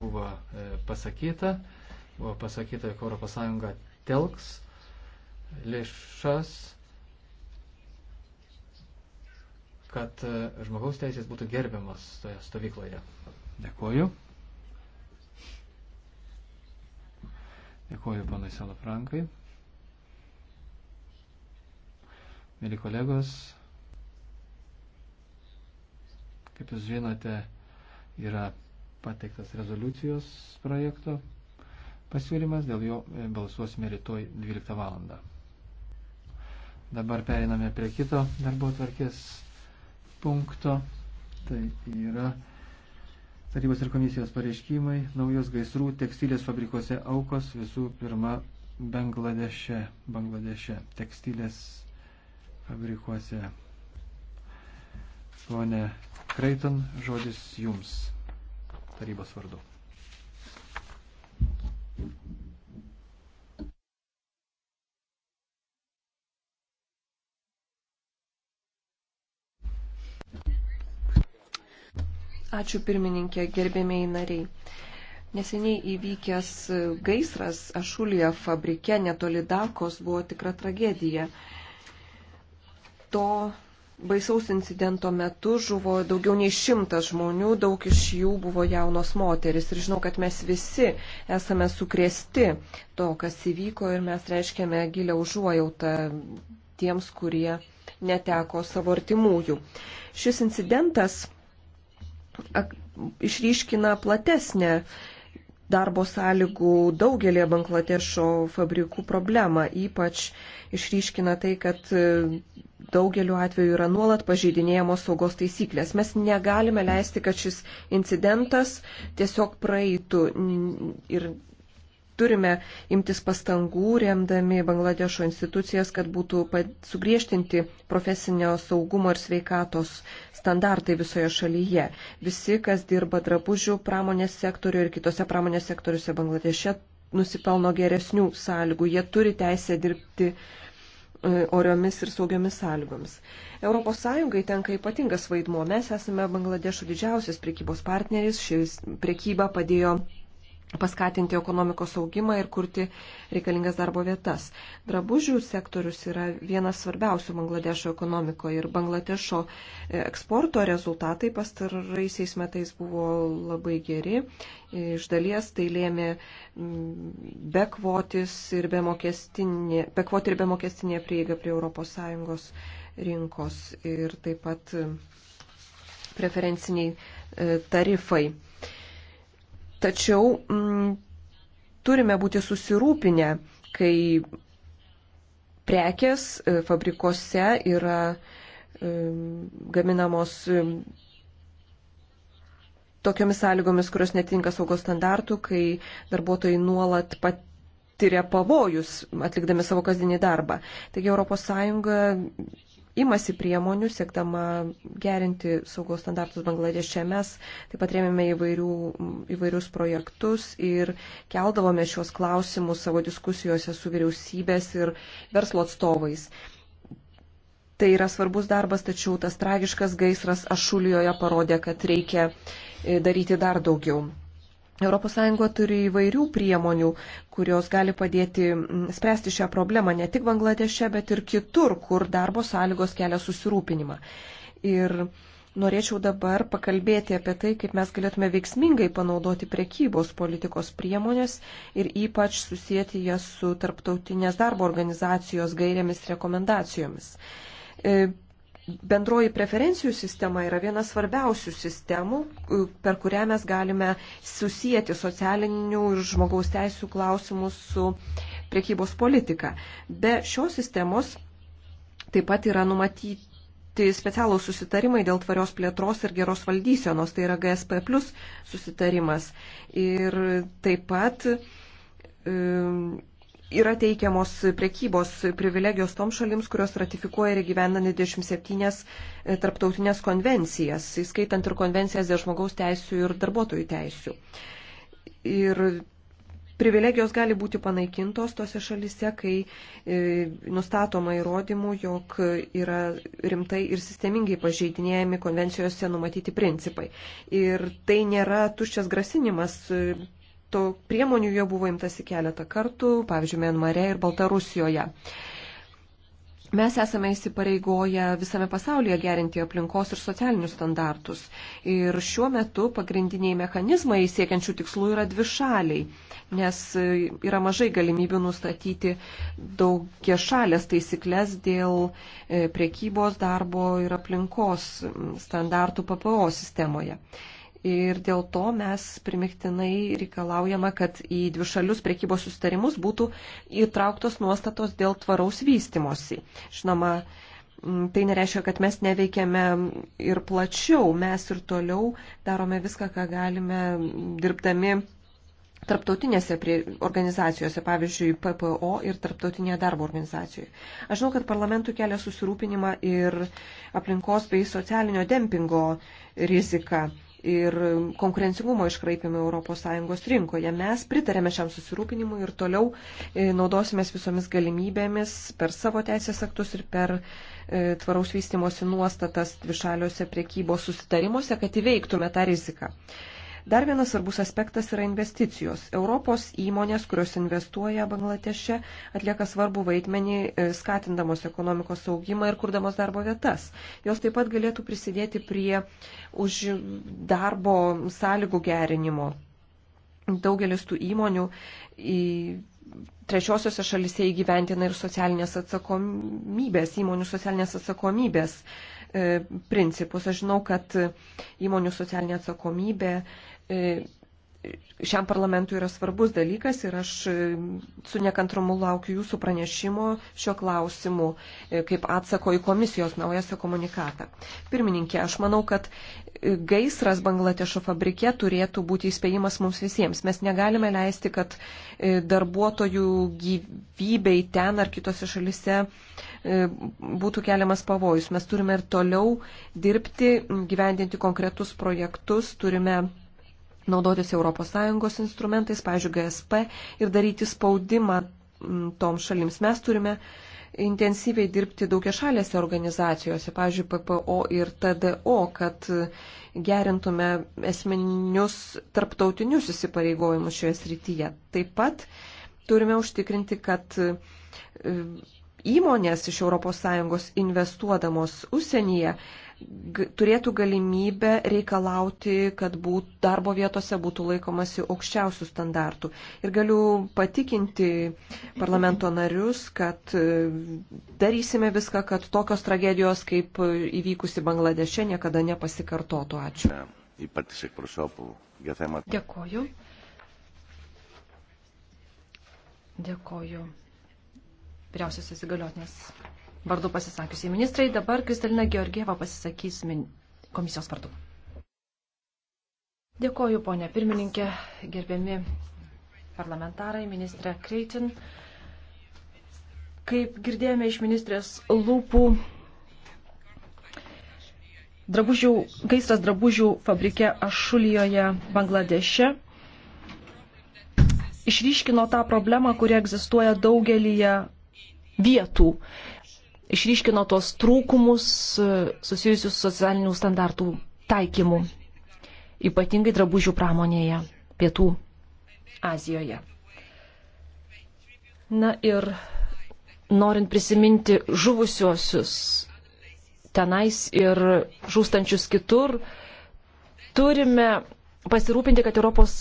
buvo e, pasakyta, buvo pasakyta, jog ES telks lėšas, kad e, žmogaus teisės būtų gerbiamas toje stovykloje. Dėkuoju. Dėkuoju, panai Salafrankai. Mėly kolegos, kaip jūs žinote, yra pateiktas rezoliucijos projekto pasiūlymas, dėl jo e, balsuosime rytoj 12 valandą. Dabar periname prie kito darbo tvarkės punkto. Tai yra tarybos ir komisijos pareiškimai, naujos gaisrų tekstilės fabrikose aukos visų pirma Bangladeše, Bangladeše tekstilės fabrikuose. Pone Kreiton, žodis jums tarybos vardu. Ačiū pirmininkė, gerbėmiai nariai. Neseniai įvykęs gaisras Ašulija fabrike netoli Dakos buvo tikra tragedija. To baisaus incidento metu žuvo daugiau nei šimtas žmonių, daug iš jų buvo jaunos moteris. Ir žinau, kad mes visi esame sukrėsti to, kas įvyko ir mes reiškiame gilę užuojautą tiems, kurie neteko savo artimųjų. Šis incidentas išryškina platesnę darbo sąlygų daugelį Bangladešo fabrikų problemą. Ypač išryškina tai, kad e, daugeliu atveju yra nuolat pažeidinėjamos saugos taisyklės. Mes negalime leisti, kad šis incidentas tiesiog praeitų ir turime imtis pastangų, remdami Bangladešo institucijas, kad būtų sugriežtinti profesinio saugumo ir sveikatos standartai visoje šalyje. Visi, kas dirba drabužių pramonės sektoriuje ir kitose pramonės sektoriuose Bangladeše, nusipelno geresnių sąlygų. Jie turi teisę dirbti e, oriomis ir saugiomis sąlygomis. ES tenka ypatingas vaidmuo. Mes esame Bangladešo didžiausias priekybos partneris. Šis priekyba padėjo paskatinti ekonomikos augimą ir kurti reikalingas darbo vietas. Drabužių sektorius yra vienas svarbiausių Bangladešo ekonomikoje ir Bangladešo e, eksporto rezultatai pastaraisiais metais buvo labai geri. Iš dalies tai lėmė be kvotis ir be, mokestinė, be kvotį ir be mokestinė prieiga prie ES rinkos ir taip pat preferenciniai e, tarifai. Tačiau m, mm, turime būti susirūpinę, kai prekės e, fabrikose yra m, e, gaminamos m, e, tokiomis sąlygomis, kurios netinka saugos standartų, kai darbuotojai nuolat patiria pavojus atlikdami savo kasdienį darbą. Taigi ES imasi priemonių, siekdama gerinti saugos standartus Bangladeše. Mes taip pat rėmėme įvairių, įvairius projektus ir keldavome šios klausimus savo diskusijose su vyriausybės ir verslo atstovais. Tai yra svarbus darbas, tačiau tas tragiškas gaisras Ašulijoje parodė, kad reikia e, daryti dar daugiau. ES turi įvairių priemonių, kurios gali padėti mm, spręsti šią problemą ne tik Bangladeše, bet ir kitur, kur darbo sąlygos kelia susirūpinimą. Ir norėčiau dabar pakalbėti apie tai, kaip mes galėtume veiksmingai panaudoti prekybos politikos priemonės ir ypač susijęti jas su tarptautinės darbo organizacijos gairėmis rekomendacijomis e, bendroji preferencijų sistema yra viena svarbiausių sistemų, e, per kurią mes galime susijęti socialinių ir žmogaus teisų klausimus su priekybos politika. Be šios sistemos taip pat yra numatyti specialūs susitarimai dėl tvarios plėtros ir geros valdysenos, tai yra GSP plus susitarimas. Ir taip pat. Um, yra teikiamos prekybos privilegijos toms šalims, kurios ratifikuoja ir gyvena 27 e, tarptautinės konvencijas, įskaitant ir konvencijas dėl žmogaus teisų ir darbuotojų teisų. Ir privilegijos gali būti panaikintos tose šalise, kai e, nustatoma įrodymų, jog yra rimtai ir sistemingai pažeidinėjami konvencijose numatyti principai. Ir tai nėra tuščias grasinimas. E, to priemonių jo buvo imtasi keletą kartų, pavyzdžiui, Mienmare ir Baltarusijoje. Mes esame įsipareigoję visame pasaulyje gerinti aplinkos ir socialinius standartus. Ir šiuo metu pagrindiniai mechanizmai siekiančių tikslų yra dvi šaliai, nes yra mažai galimybių nustatyti daugie šalės taisyklės dėl e, priekybos, darbo ir aplinkos standartų PPO sistemoje. Ir dėl to mes primiktinai reikalaujame, kad į dvišalius priekybos sustarimus būtų įtrauktos nuostatos dėl tvaraus vystimosi. Žinoma, tai nereiškia, kad mes neveikiame ir plačiau, mes ir toliau darome viską, ką galime dirbdami tarptautinėse organizacijose, pavyzdžiui, PPO ir tarptautinėje darbo organizacijoje. Aš žinau, kad parlamentų kelia susirūpinimą ir aplinkos bei socialinio dempingo rizika ir konkurencingumo iškraipimai ES rinkoje. Mes pritarėme šiam susirūpinimui ir toliau e, naudosimės visomis galimybėmis per savo teisės aktus ir per e, tvaraus vystimosi nuostatas dvišaliuose priekybos susitarimuose, kad įveiktume tą riziką. Dar vienas svarbus aspektas yra investicijos. Europos įmonės, kurios investuoja Bangladeše, atlieka svarbu vaidmenį e, skatindamos ekonomikos augimą ir kurdamos darbo vietas. Jos taip pat galėtų prisidėti prie už darbo sąlygų gerinimo. Daugelis tų įmonių į trečiosiose šalise įgyventina ir socialinės atsakomybės, įmonių socialinės atsakomybės e, principus. Aš žinau, kad įmonių socialinė atsakomybė E, šiam parlamentui yra svarbus dalykas ir aš e, su nekantrumu laukiu jūsų pranešimo šio klausimu e, kaip atsako į komisijos naujasią komunikatą. Pirmininkė, aš manau, kad gaisras Bangladešo fabrike turėtų būti įspėjimas mums visiems. Mes negalime leisti, kad darbuotojų gyvybei ten ar kitose šalise būtų keliamas pavojus. Mes turime ir toliau dirbti, gyvendinti konkretus projektus, turime naudotis ES instrumentais, pavyzdžiui, GSP ir daryti spaudimą tom šalims. Mes turime intensyviai dirbti daugia šalėse organizacijose, pavyzdžiui, PPO ir TDO, kad gerintume esminius tarptautinius įsipareigojimus šioje srityje. Taip pat turime užtikrinti, kad e, įmonės iš ES investuodamos užsienyje turėtų galimybę reikalauti, kad būt, darbo vietose būtų laikomasi aukščiausių standartų. Ir galiu patikinti parlamento narius, kad e, darysime viską, kad tokios tragedijos, kaip įvykusi Bangladeše, niekada nepasikartotų. Ačiū. Dėkoju. Dėkoju. Vyriausiosios įgaliotinės vardu pasisakiusiai ministrai. Dabar Kristalina Georgieva pasisakys komisijos vardu. Dėkoju, ponė pirmininkė, gerbiami parlamentarai, ministrė Kreitin. Kaip girdėjome iš ministrės lūpų, drabužių, gaisras drabužių fabrike Ašulijoje, Bangladeše išryškino tą problemą, kuri egzistuoja daugelyje vietų išryškino tos trūkumus e, susijusius socialinių standartų taikymų, ypatingai drabužių pramonėje Pietų Azijoje. Na ir norint prisiminti žuvusiuosius tenais ir žūstančius kitur, turime pasirūpinti, kad ES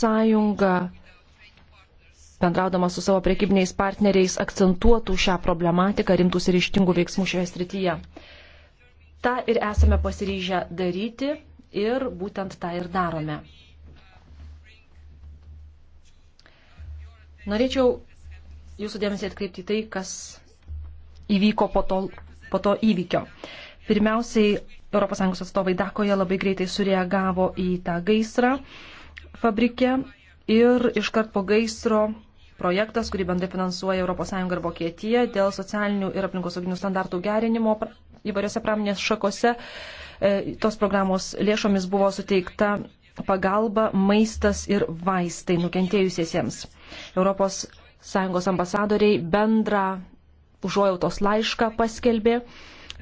bendraudamas su savo prekybiniais partneriais, akcentuotų šią problematiką, rimtųsi ryštingų veiksmų šioje srityje. Ta ir esame pasiryžę daryti ir būtent tą ir darome. Norėčiau jūsų dėmesį atkreipti tai, kas įvyko po to, po to įvykio. Pirmiausiai, ES atstovai Dakoje labai greitai sureagavo į tą gaisrą fabrike ir iškart po gaisro projektas, kurį bendrai finansuoja ES ir Vokietija dėl socialinių ir aplinkosauginių standartų gerinimo įvairiose pramonės šakose. E, tos programos lėšomis buvo suteikta pagalba, maistas ir vaistai nukentėjusiesiems. ES ambasadoriai bendrą užuojautos laišką paskelbė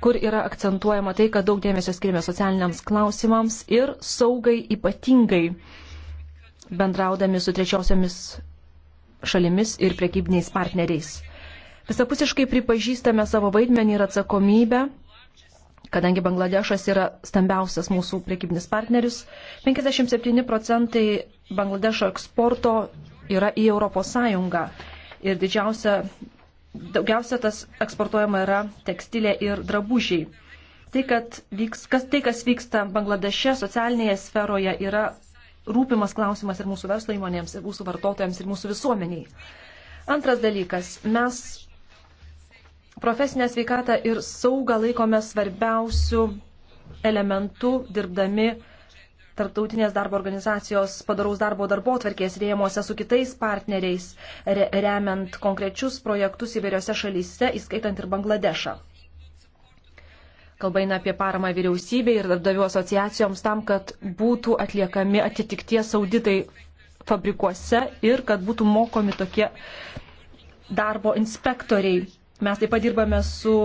kur yra akcentuojama tai, kad daug dėmesio skiriame socialiniams klausimams ir saugai ypatingai bendraudami su trečiosiomis šalimis ir prekybiniais partneriais. Visapusiškai pripažįstame savo vaidmenį ir atsakomybę, kadangi Bangladešas yra stambiausias mūsų prekybinis partneris. 57 procentai Bangladešo eksporto yra į ES ir didžiausia, daugiausia tas eksportuojama yra tekstilė ir drabužiai. Tai, vyks, kas, tai kas vyksta Bangladeše socialinėje sferoje, yra rūpimas klausimas ir mūsų verslo įmonėms, ir mūsų vartotojams, ir mūsų visuomeniai. Antras dalykas, mes profesinę sveikatą ir saugą laikome svarbiausių elementų dirbdami Tarptautinės darbo organizacijos padaraus darbo darbo atvarkės rėmuose su kitais partneriais, re remiant konkrečius projektus įvairiose šalyse, įskaitant ir Bangladešą. Kalba eina apie paramą vyriausybei ir darbdavių asociacijoms tam, kad būtų atliekami atitikties auditai fabrikuose ir kad būtų mokomi tokie darbo inspektoriai. Mes taip pat dirbame su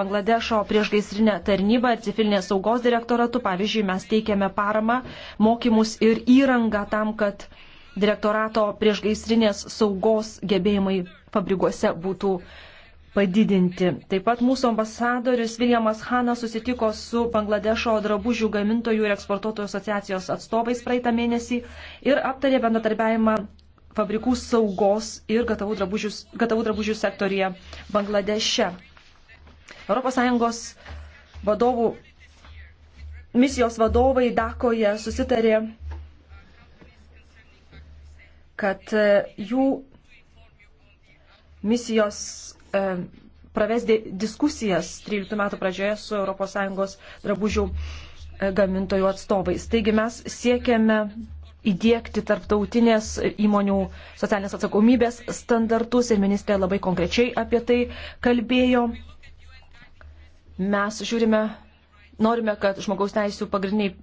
Bangladešo priešgaisrinė tarnyba ir civilinės saugos direktoratu. Pavyzdžiui, mes teikiame paramą, mokymus ir įrangą tam, kad direktorato priešgaisrinės saugos gebėjimai fabrikuose būtų uh, padidinti. Taip pat mūsų ambasadorius Viljamas Hanas susitiko su Bangladešo drabužių gamintojų ir eksportuotojų asociacijos atstovais praeitą mėnesį ir aptarė bendradarbiavimą fabrikų saugos ir gatavų drabužių, gatavų drabužių sektorija Bangladeše. ES vadovų misijos vadovai Dakoje susitarė, kad e, jų misijos E, praves diskusijas 13 metų pradžioje su ES drabužių e, gamintojų atstovais. Taigi mes siekiame įdėkti tarptautinės įmonių socialinės atsakomybės standartus ir ministrė labai konkrečiai apie tai kalbėjo. Mes žiūrime, norime, kad žmogaus teisų pagrindiniai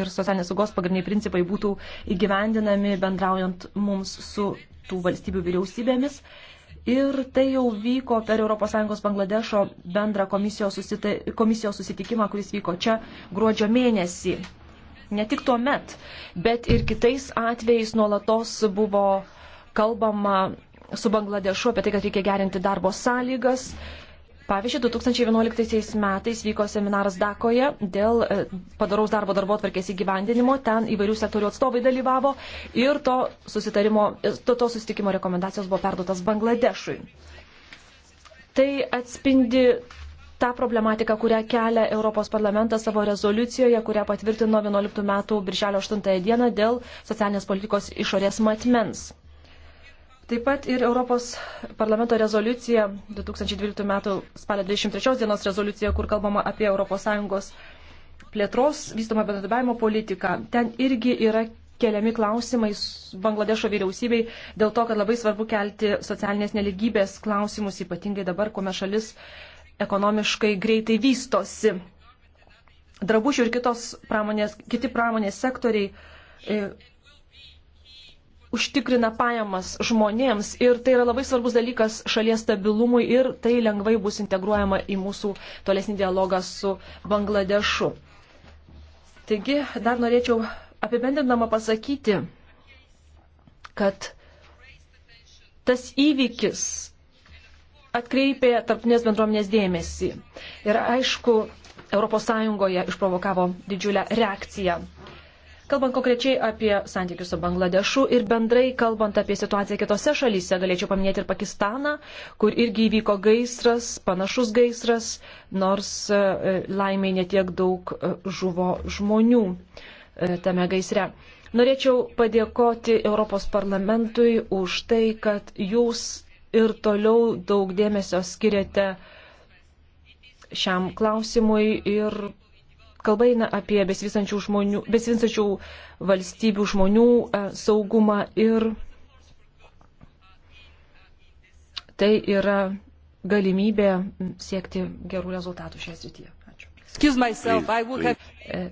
ir socialinės saugos pagrindiniai principai būtų įgyvendinami bendraujant mums su tų valstybių vyriausybėmis. Ir tai jau vyko per ES Bangladešo bendrą komisijos, susita, komisijos susitikimą, kuris vyko čia gruodžio mėnesį. Ne tik tuo met, bet ir kitais atvejais nuolatos buvo kalbama su Bangladešu apie tai, kad reikia gerinti darbo sąlygas, Pavyzdžiui, 2011 metais vyko seminaras Dakoje dėl e, padaraus darbo darbo atvarkės įgyvendinimo. Ten įvairių sektorių atstovai dalyvavo ir to, e, to, to susitikimo rekomendacijos buvo perduotas Bangladešui. Tai atspindi tą problematiką, kurią kelia Europos parlamentas savo rezoliucijoje, kurią patvirtino 11 metų birželio 8 dieną dėl socialinės politikos išorės matmens. Taip pat ir Europos parlamento rezoliucija 2012 m. spalio 23 dienos rezoliucija, kur kalbama apie ES plėtros vystomą bendradarbiavimo politiką. Ten irgi yra keliami klausimai Bangladešo vyriausybei dėl to, kad labai svarbu kelti socialinės neligybės klausimus, ypatingai dabar, kuomet šalis ekonomiškai greitai vystosi. Drabužių ir kitos pramonės, kiti pramonės sektoriai e, užtikrina pajamas žmonėms ir tai yra labai svarbus dalykas šalies stabilumui ir tai lengvai bus integruojama į mūsų tolesnį dialogą su Bangladešu. Taigi, dar norėčiau apibendrindama pasakyti, kad tas įvykis atkreipė tarptinės bendruomenės dėmesį ir aišku, ES išprovokavo didžiulę reakciją Kalbant konkrečiai apie santykius su Bangladešu ir bendrai kalbant apie situaciją kitose šalyse, galėčiau paminėti ir Pakistaną, kur irgi įvyko gaisras, panašus gaisras, nors e, e, laimiai netiek daug e, žuvo žmonių tame gaisre. Norėčiau padėkoti Europos parlamentui už tai, kad jūs ir toliau daug dėmesio skiriate šiam klausimui ir kalba eina apie besivystančių, žmonių, besivystančių valstybių žmonių e, saugumą ir tai yra galimybė siekti gerų rezultatų šioje srityje. Ačiū. Myself, have... E,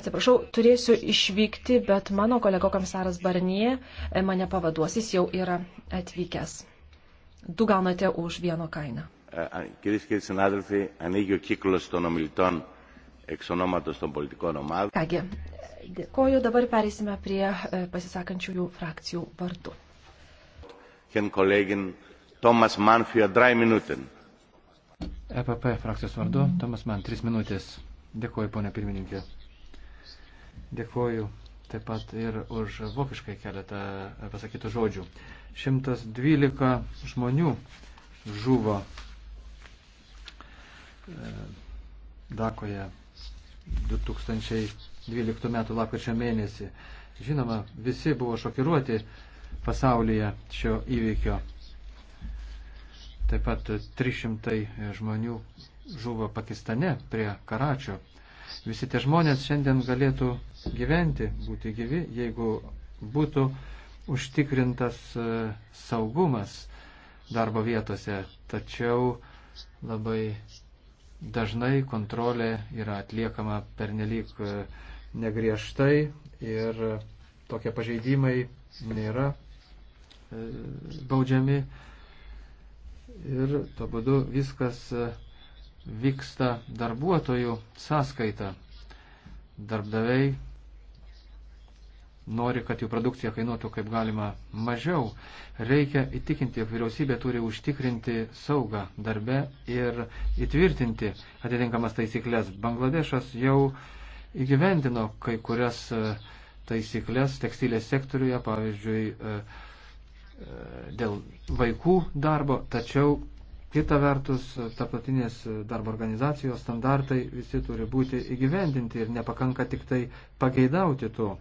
atsiprašau, turėsiu išvykti, bet mano kolega komisaras Barnie e, mane pavaduos, jis jau yra atvykęs. Du gaunate už vieno kainą. Κυρίες και κύριοι συνάδελφοι, ανοίγει ο κύκλος των ομιλητών εξ ονόματος των πολιτικών ομάδων. Kągi, dėkoju, dabar perėsime prie e, pasisakančiųjų frakcijų vardų. Ken kolegin Tomas Mann für 3 Minuten. EPP frakcijos vardu, Tomas Mann, 3 minutės. Dėkoju, ponė pirmininkė. Dėkoju taip pat ir už vokiškai keletą pasakytų žodžių. 112 žmonių žuvo e, Dakoje 2012 m. lapkričio mėnesį. Žinoma, visi buvo šokiruoti pasaulyje šio įvykio. Taip pat 300 žmonių žuvo Pakistane prie Karačio. Visi tie žmonės šiandien galėtų gyventi, būti gyvi, jeigu būtų užtikrintas e, saugumas darbo vietose. Tačiau labai Dažnai kontrolė yra atliekama pernelyg e, negriežtai ir tokie pažeidimai nėra e, baudžiami. Ir to būdu viskas e, vyksta darbuotojų sąskaita. Darbdaviai nori, kad jų produkcija kainuotų kaip galima mažiau. Reikia įtikinti, jog vyriausybė turi užtikrinti saugą darbe ir įtvirtinti atitinkamas taisyklės. Bangladešas jau įgyvendino kai kurias e, taisyklės tekstilės sektoriuje, pavyzdžiui, e, e, dėl vaikų darbo, tačiau kita vertus tarptautinės darbo organizacijos standartai visi turi būti įgyvendinti ir nepakanka tik tai pageidauti to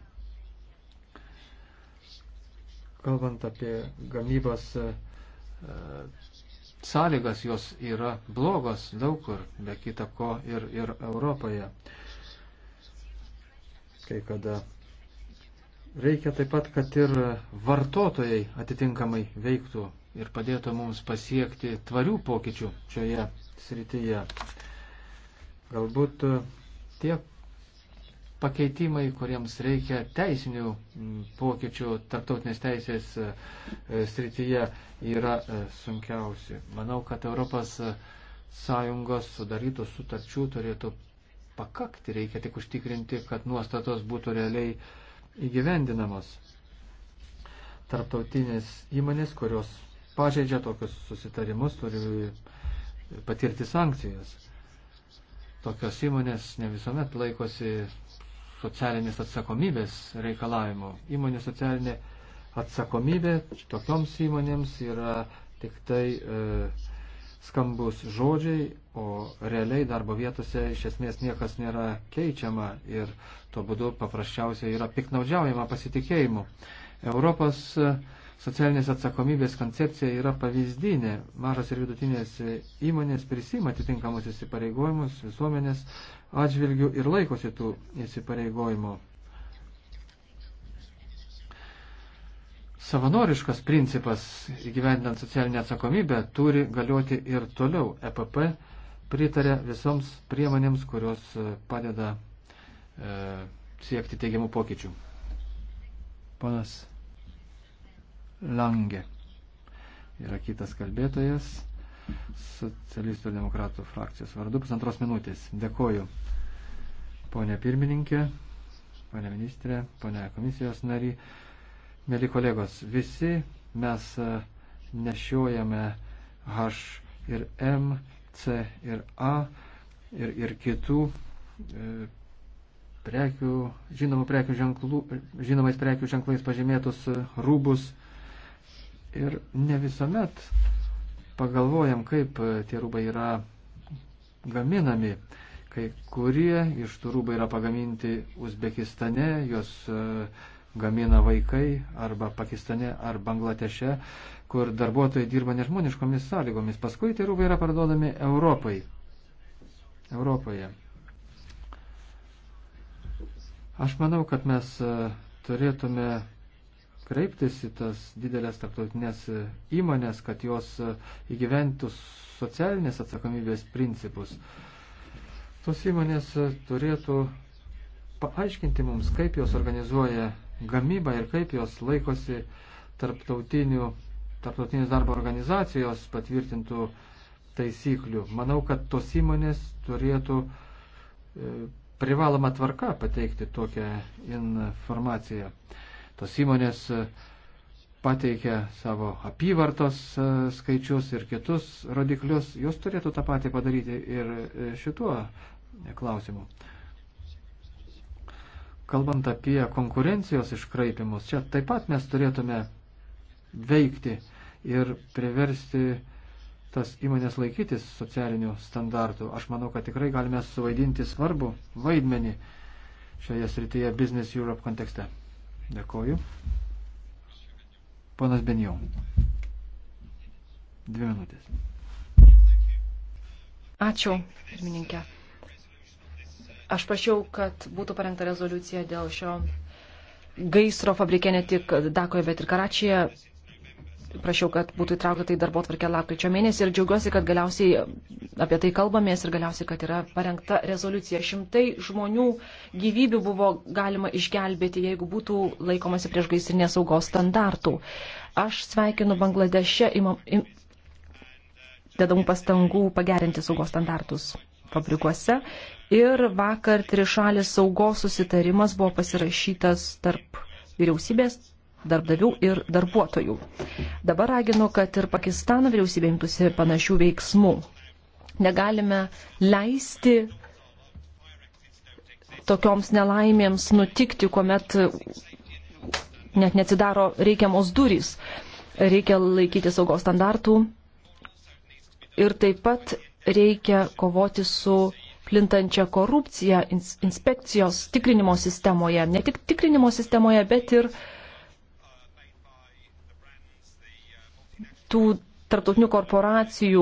kalbant apie gamybos e, sąlygas, jos yra blogos daug kur, be kita ko ir, ir Europoje. Kai kada reikia taip pat, kad ir vartotojai atitinkamai veiktų ir padėtų mums pasiekti tvarių pokyčių šioje srityje. Galbūt e, tie pakeitimai, kuriems reikia teisinių mm, pokyčių tarptautinės teisės e, e, srityje, yra e, sunkiausi. Manau, kad Europos Sąjungos sudarytų sutarčių turėtų pakakti, reikia tik užtikrinti, kad nuostatos būtų realiai įgyvendinamos. Tarptautinės įmonės, kurios pažeidžia tokius susitarimus, turi patirti sankcijas. Tokios įmonės ne visuomet laikosi socialinės atsakomybės reikalavimų. Įmonė socialinė atsakomybė tokioms įmonėms yra tik tai e, skambus žodžiai, o realiai darbo vietose iš esmės niekas nėra keičiama ir tuo būdu paprasčiausiai yra piknaudžiaujama pasitikėjimu. Europos e, socialinės atsakomybės koncepcija yra pavyzdinė. Mažos ir vidutinės įmonės prisima atitinkamus įsipareigojimus visuomenės atžvilgių ir laikosi tų įsipareigojimų. Savanoriškas principas įgyvendinant socialinę atsakomybę turi galioti ir toliau. EPP pritarė visoms priemonėms, kurios e, padeda e, siekti teigiamų pokyčių. Ponas Langė. Yra kitas kalbėtojas socialistų ir demokratų frakcijos vardu. Pusantros minutės. Dėkoju. Pone pirmininkė, pone ministrė, pone komisijos nary, mėly kolegos, visi mes e, nešiojame H ir M, C ir A ir, ir kitų e, prekių, žinomų prekių ženklų, žinomais prekių ženklais pažymėtus rūbus ir ne visuomet pagalvojam, kaip tie rūbai yra gaminami. Kai kurie iš tų rūbai yra pagaminti Uzbekistane, jos e, gamina vaikai arba Pakistane ar Bangladeše, kur darbuotojai dirba nežmoniškomis sąlygomis. Paskui tie rūbai yra parduodami Europai. Europoje. Aš manau, kad mes e, turėtume kreiptis į tas didelės tarptautinės įmonės, kad jos įgyventų socialinės atsakomybės principus. Tos įmonės turėtų paaiškinti mums, kaip jos organizuoja gamybą ir kaip jos laikosi tarptautinių, tarptautinės darbo organizacijos patvirtintų taisyklių. Manau, kad tos įmonės turėtų e, privaloma tvarka pateikti tokią informaciją tos įmonės e, pateikia savo apyvartos e, skaičius ir kitus rodiklius, jos turėtų tą patį padaryti ir e, šituo klausimu. Kalbant apie konkurencijos iškraipimus, čia taip pat mes turėtume veikti ir priversti tas įmonės laikytis socialinių standartų. Aš manau, kad tikrai galime suvaidinti svarbu vaidmenį šioje srityje Business Europe kontekste. Dėkoju. Ponas Benjau. Dvi minutės. Ačiū, pirmininkė. Aš prašiau, kad būtų parengta rezoliucija dėl šio gaisro fabrike ne tik Dakoje, bet ir Karačyje prašiau, kad būtų įtraukta tai darbo tvarkė lapkričio mėnesį ir džiaugiuosi, kad galiausiai apie tai kalbamės ir galiausiai, kad yra parengta rezoliucija. Šimtai žmonių gyvybių buvo galima išgelbėti, jeigu būtų laikomasi prieš gaisrinės saugos standartų. Aš sveikinu Bangladeše imam, im, dedamų pastangų pagerinti saugos standartus fabrikuose. Ir vakar trišalis saugos susitarimas buvo pasirašytas tarp vyriausybės darbdavių ir darbuotojų. Dabar raginu, kad ir Pakistano vyriausybė imtųsi panašių veiksmų. Negalime leisti tokioms nelaimėms nutikti, kuomet net neatsidaro reikiamos durys. Reikia laikyti saugos standartų ir taip pat reikia kovoti su plintančią korupciją inspekcijos tikrinimo sistemoje, ne tik tikrinimo sistemoje, bet ir uh, tų tarptautinių korporacijų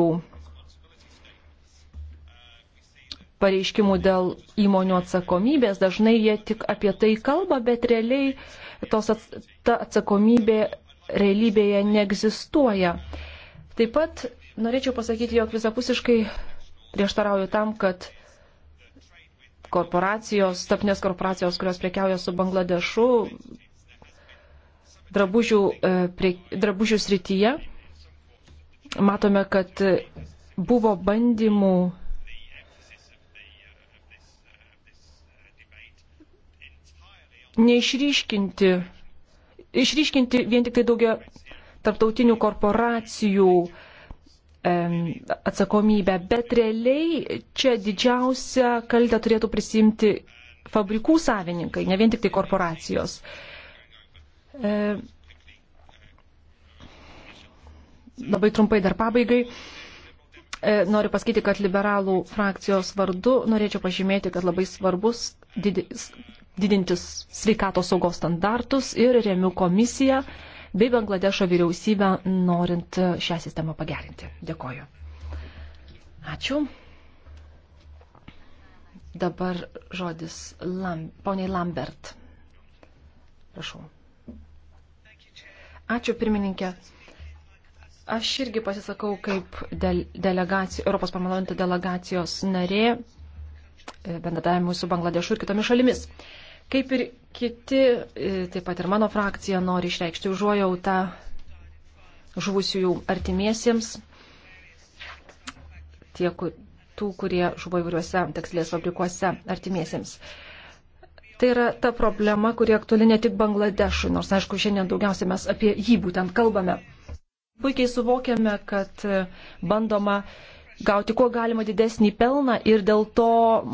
pareiškimų dėl įmonių atsakomybės, dažnai jie tik apie tai kalba, bet realiai tos ats ta atsakomybė realybėje neegzistuoja. Taip pat norėčiau pasakyti, jog visapusiškai prieštarauju tam, kad korporacijos, tapnės korporacijos, kurios prekiauja su Bangladešu, drabužių, e, prie, drabužių srityje, matome, kad buvo bandymų neišryškinti, išryškinti vien tik tai daugia tarptautinių korporacijų atsakomybę, bet realiai čia didžiausią kaltę turėtų prisimti fabrikų savininkai, ne vien tik tai korporacijos. E, Labai trumpai dar pabaigai. E, noriu pasakyti, kad liberalų frakcijos vardu norėčiau pažymėti, kad labai svarbus didis, didintis sveikatos saugos standartus ir remiu komisiją bei Bangladešo vyriausybę, norint šią sistemą pagerinti. Dėkoju. Ačiū. Dabar žodis Lam, poniai Lambert. Prašau. Ačiū pirmininkė. Aš irgi pasisakau kaip delegacijos, Europos parlamento delegacijos narė, e, bendradavimu su Bangladešu ir kitomis šalimis. Kaip ir kiti, e, taip pat ir mano frakcija nori išreikšti užuojautą žuvusiųjų artimiesiems, tie, kur, tų, kurie žuvo įvairiuose tekstilės fabrikuose artimiesiems. Tai yra ta problema, kuri aktuali ne tik Bangladešui, nors aišku, šiandien daugiausiai mes apie jį būtent kalbame puikiai suvokiame, kad e, bandoma gauti kuo galima didesnį pelną ir dėl to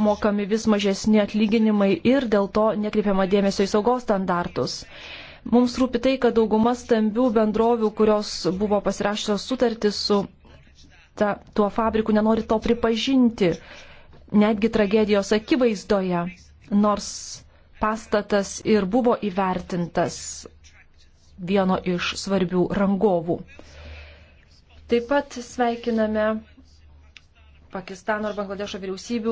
mokami vis mažesni atlyginimai ir dėl to nekreipiama dėmesio į saugos standartus. Mums rūpi tai, kad dauguma stambių bendrovių, kurios buvo pasirašytos sutartį su ta, tuo fabriku, nenori to pripažinti, netgi tragedijos akivaizdoje, nors pastatas ir buvo įvertintas vieno iš svarbių rangovų. Taip pat sveikiname Pakistano ir Bangladešo vyriausybių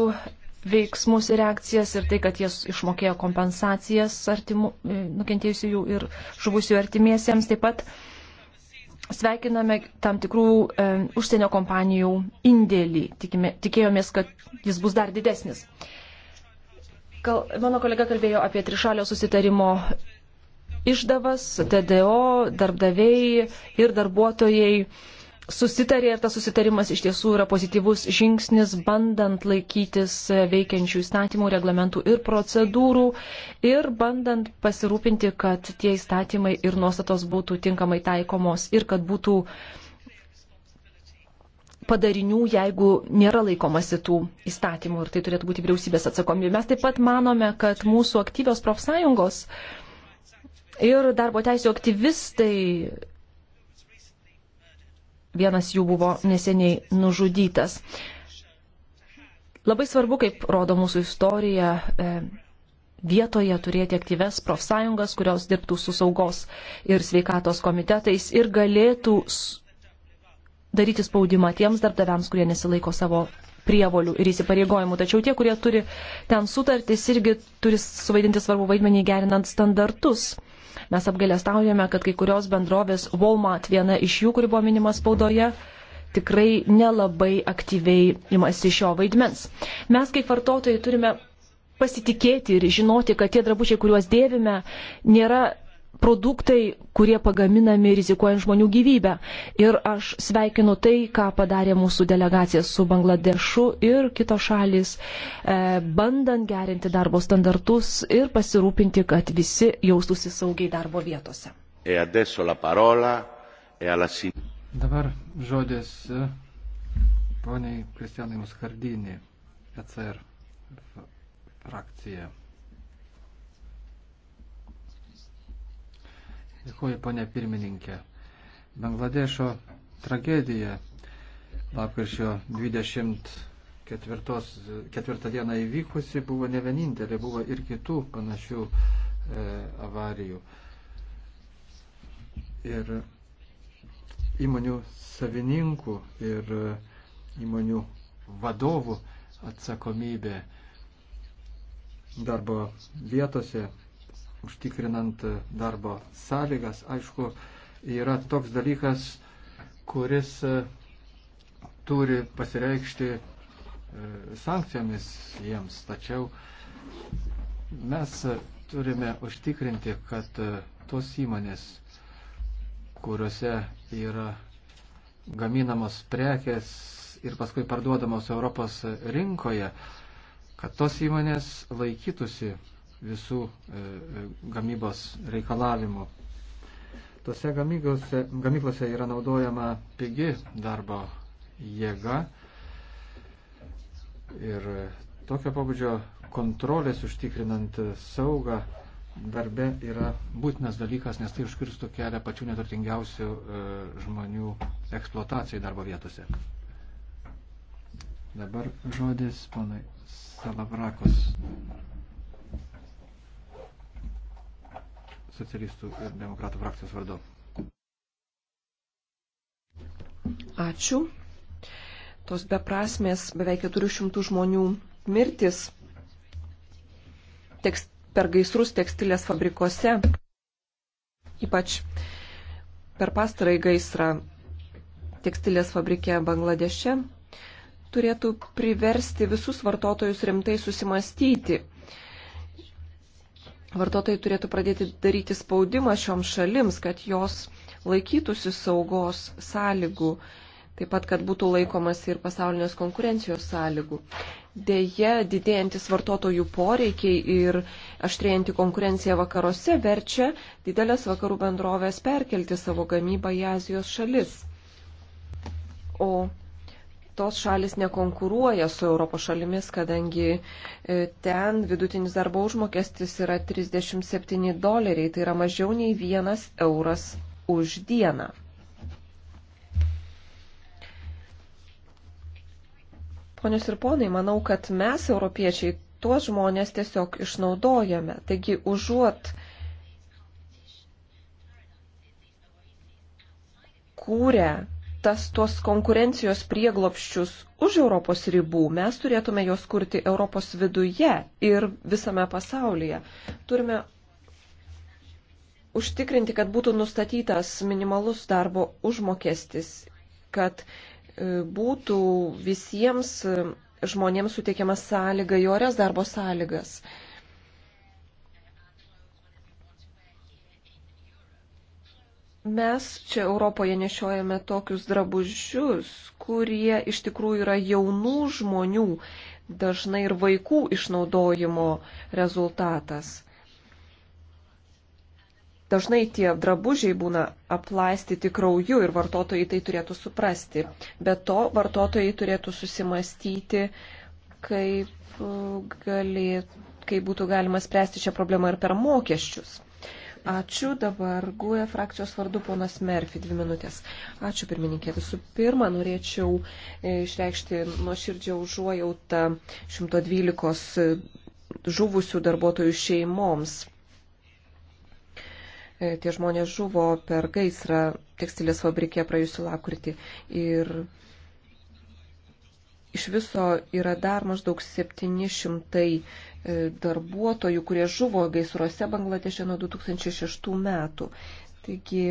veiksmus ir reakcijas ir tai, kad jis išmokėjo kompensacijas artimu, e, nukentėjusių ir žuvusių artimiesiems. Taip pat sveikiname tam tikrų e, užsienio kompanijų indėlį. Tikime, tikėjomės, kad jis bus dar didesnis. Kal, mano kolega kalbėjo apie trišalio susitarimo išdavas, TDO, darbdaviai ir darbuotojai susitarė ir tas susitarimas iš tiesų yra pozityvus žingsnis, bandant laikytis veikiančių įstatymų, reglamentų ir procedūrų ir bandant pasirūpinti, kad tie įstatymai ir nuostatos būtų tinkamai taikomos ir kad būtų padarinių, jeigu nėra laikomasi tų įstatymų ir tai turėtų būti vyriausybės atsakomybė. Mes taip pat manome, kad mūsų aktyvios profsąjungos ir darbo teisų aktyvistai vienas jų buvo neseniai nužudytas. Labai svarbu, kaip rodo mūsų istorija, e, vietoje turėti aktyves profsąjungas, kurios dirbtų su saugos ir sveikatos komitetais ir galėtų daryti spaudimą tiems darbdaviams, kurie nesilaiko savo prievolių ir įsipareigojimų. Tačiau tie, kurie turi ten sutartis, irgi turi suvaidinti svarbu vaidmenį gerinant standartus Mes apgailestaujame, kad kai kurios bendrovės Walmart, viena iš jų, kuri buvo minima spaudoje, tikrai nelabai aktyviai imasi šio vaidmens. Mes kaip vartotojai turime pasitikėti ir žinoti, kad tie drabužiai, kuriuos dėvime, nėra produktai, kurie pagaminami rizikuojant žmonių gyvybę. Ir aš sveikinu tai, ką padarė mūsų delegacija su Bangladešu ir kitos šalis, e, bandant gerinti darbo standartus ir pasirūpinti, kad visi jaustųsi saugiai darbo vietose. E parola, e alla... Dabar žodis e, poniai Kristianai Muskardinį, ECR frakcija. Dėkuoju, ponė pirmininkė. Bangladešo tragedija lapkričio 24 dieną įvykusi buvo ne vienintelė, buvo ir kitų panašių e, avarijų. Ir įmonių savininkų ir e, įmonių vadovų atsakomybė darbo vietose užtikrinant darbo sąlygas, aišku, yra toks dalykas, kuris e, turi pasireikšti e, sankcijomis jiems. Tačiau mes turime užtikrinti, kad e, tos įmonės, kuriuose yra gaminamos prekės ir paskui parduodamos Europos rinkoje, kad tos įmonės laikytųsi visų e, e, gamybos reikalavimų. Tose gamyklose, gamyklose yra naudojama pigi darbo jėga ir tokio pabudžio kontrolės užtikrinant saugą darbe yra būtinas dalykas, nes tai užkirstų kelią pačių neturtingiausių e, žmonių eksploatacijai darbo vietose. Dabar žodis ponai Salavrakos. socialistų ir demokratų frakcijos vardu. Ačiū. Tos beprasmės beveik 400 žmonių mirtis tekst, per gaisrus tekstilės fabrikose, ypač per pastarąjį gaisrą tekstilės fabrike Bangladeše, turėtų priversti visus vartotojus rimtai susimastyti vartotojai turėtų pradėti daryti spaudimą šioms šalims, kad jos laikytųsi saugos sąlygų, taip pat, kad būtų laikomas ir pasaulinės konkurencijos sąlygų. Deja, didėjantis vartotojų poreikiai ir aštrėjanti konkurencija vakaruose verčia didelės vakarų bendrovės perkelti savo gamybą į Azijos šalis. O tos šalis nekonkuruoja su Europos šalimis, kadangi e, ten vidutinis darbo užmokestis yra 37 doleriai, tai yra mažiau nei vienas euras už dieną. Ponios ir ponai, manau, kad mes, europiečiai, tuos žmonės tiesiog išnaudojame. Taigi, užuot kūrę tas tuos konkurencijos prieglopščius už Europos ribų, mes turėtume juos kurti Europos viduje ir visame pasaulyje. Turime užtikrinti, kad būtų nustatytas minimalus darbo užmokestis, kad e, būtų visiems e, žmonėms suteikiama sąlyga, jorias darbo sąlygas. Uh, Mes čia Europoje nešiojame tokius drabužius, kurie iš tikrųjų yra jaunų žmonių, dažnai ir vaikų išnaudojimo rezultatas. Dažnai tie drabužiai būna aplaistyti krauju ir vartotojai tai turėtų suprasti. Be to, vartotojai turėtų susimastyti, kaip, galėt, kaip būtų galima spręsti šią problemą ir per mokesčius. Ačiū dabar GUE frakcijos vardu ponas Merfi, dvi minutės. Ačiū pirmininkė. Visų pirma, norėčiau e, išreikšti nuoširdžią užuojautą 112 žuvusių darbuotojų šeimoms. E, tie žmonės žuvo per gaisrą tekstilės fabrikė praėjusiu lapkritį. Ir iš viso yra dar maždaug 700 E, darbuotojų, kurie žuvo gaisruose Bangladeše nuo 2006 metų. Taigi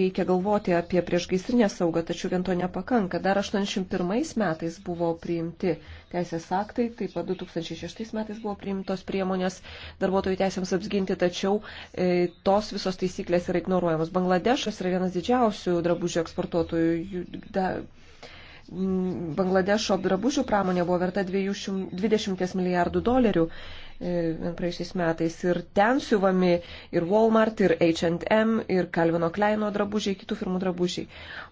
reikia galvoti apie priešgaisrinę saugą, tačiau vien to nepakanka. Dar 81 metais buvo priimti teisės aktai, taip pat 2006 metais buvo priimtos priemonės darbuotojų teisėms apginti, tačiau e, tos visos taisyklės yra ignoruojamos. Bangladešas yra vienas didžiausių drabužių eksportuotojų. Da, Mm, Bangladešo drabužių pramonė buvo verta 220 milijardų dolerių e, praeisiais metais. Ir ten siuvami ir Walmart, ir H&M, ir Calvino Kleino drabužiai, kitų firmų drabužiai.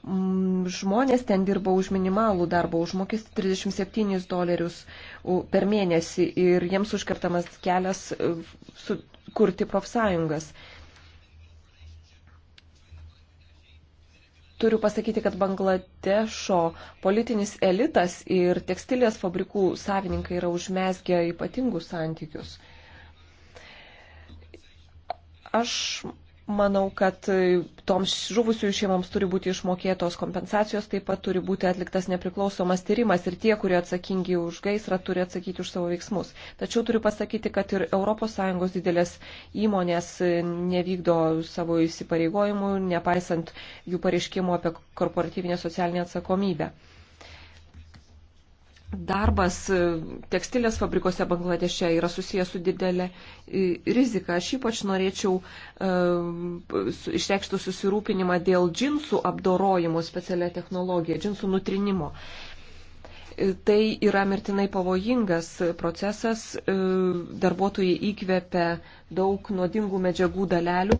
Mm, žmonės ten dirba už minimalų darbą, už mokestį 37 dolerius per mėnesį ir jiems užkartamas kelias e, kurti profsąjungas. turiu pasakyti, kad Bangladešo politinis elitas ir tekstilės fabrikų savininkai yra užmesgę ypatingus santykius. Aš Manau, kad e, toms žuvusiųjų šeimoms turi būti išmokėtos kompensacijos, taip pat turi būti atliktas nepriklausomas tyrimas ir tie, kurie atsakingi už gaisrą, turi atsakyti už savo veiksmus. Tačiau turiu pasakyti, kad ir ES didelės įmonės e, nevykdo savo įsipareigojimų, nepaisant jų pareiškimų apie korporatyvinę socialinę atsakomybę darbas e, tekstilės fabrikose Bangladeše yra susijęs su didelė e, rizika. Aš ypač norėčiau uh, išreikšti susirūpinimą dėl džinsų apdorojimų specialią technologiją, džinsų nutrinimo. Tai yra mirtinai pavojingas procesas, uh, darbuotojai įkvepia daug nuodingų medžiagų dalelių,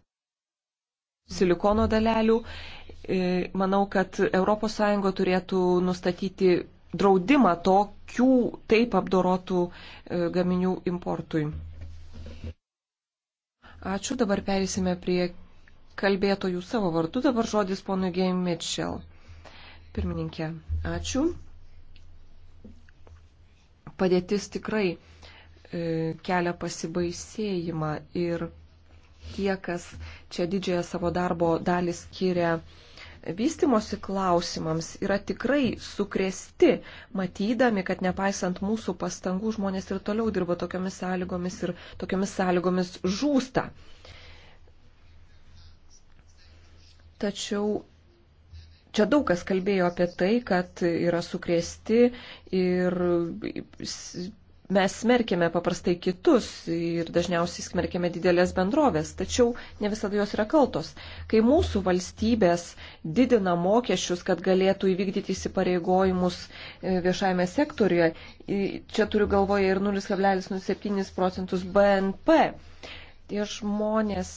silikono dalelių. Uh, manau, kad ES turėtų nustatyti draudimą tokių taip apdorotų e, gaminių importui. Ačiū, dabar perėsime prie kalbėtojų savo vardu. Dabar žodis ponui Gay Mitchell. Pirmininkė, ačiū. Padėtis tikrai e, kelia pasibaisėjimą ir tie, kas čia didžiąją savo darbo dalį skiria e, vystimosi klausimams yra tikrai sukresti, matydami, kad nepaisant mūsų pastangų žmonės ir toliau dirba tokiomis sąlygomis ir tokiomis sąlygomis žūsta. Tačiau čia daug kas kalbėjo apie tai, kad yra sukresti ir mes smerkime paprastai kitus ir dažniausiai smerkime didelės bendrovės, tačiau ne visada jos yra kaltos. Kai mūsų valstybės didina mokesčius, kad galėtų įvykdyti įsipareigojimus e, viešajame sektoriuje, čia turiu galvoje ir 0,07 procentus BNP, tie žmonės.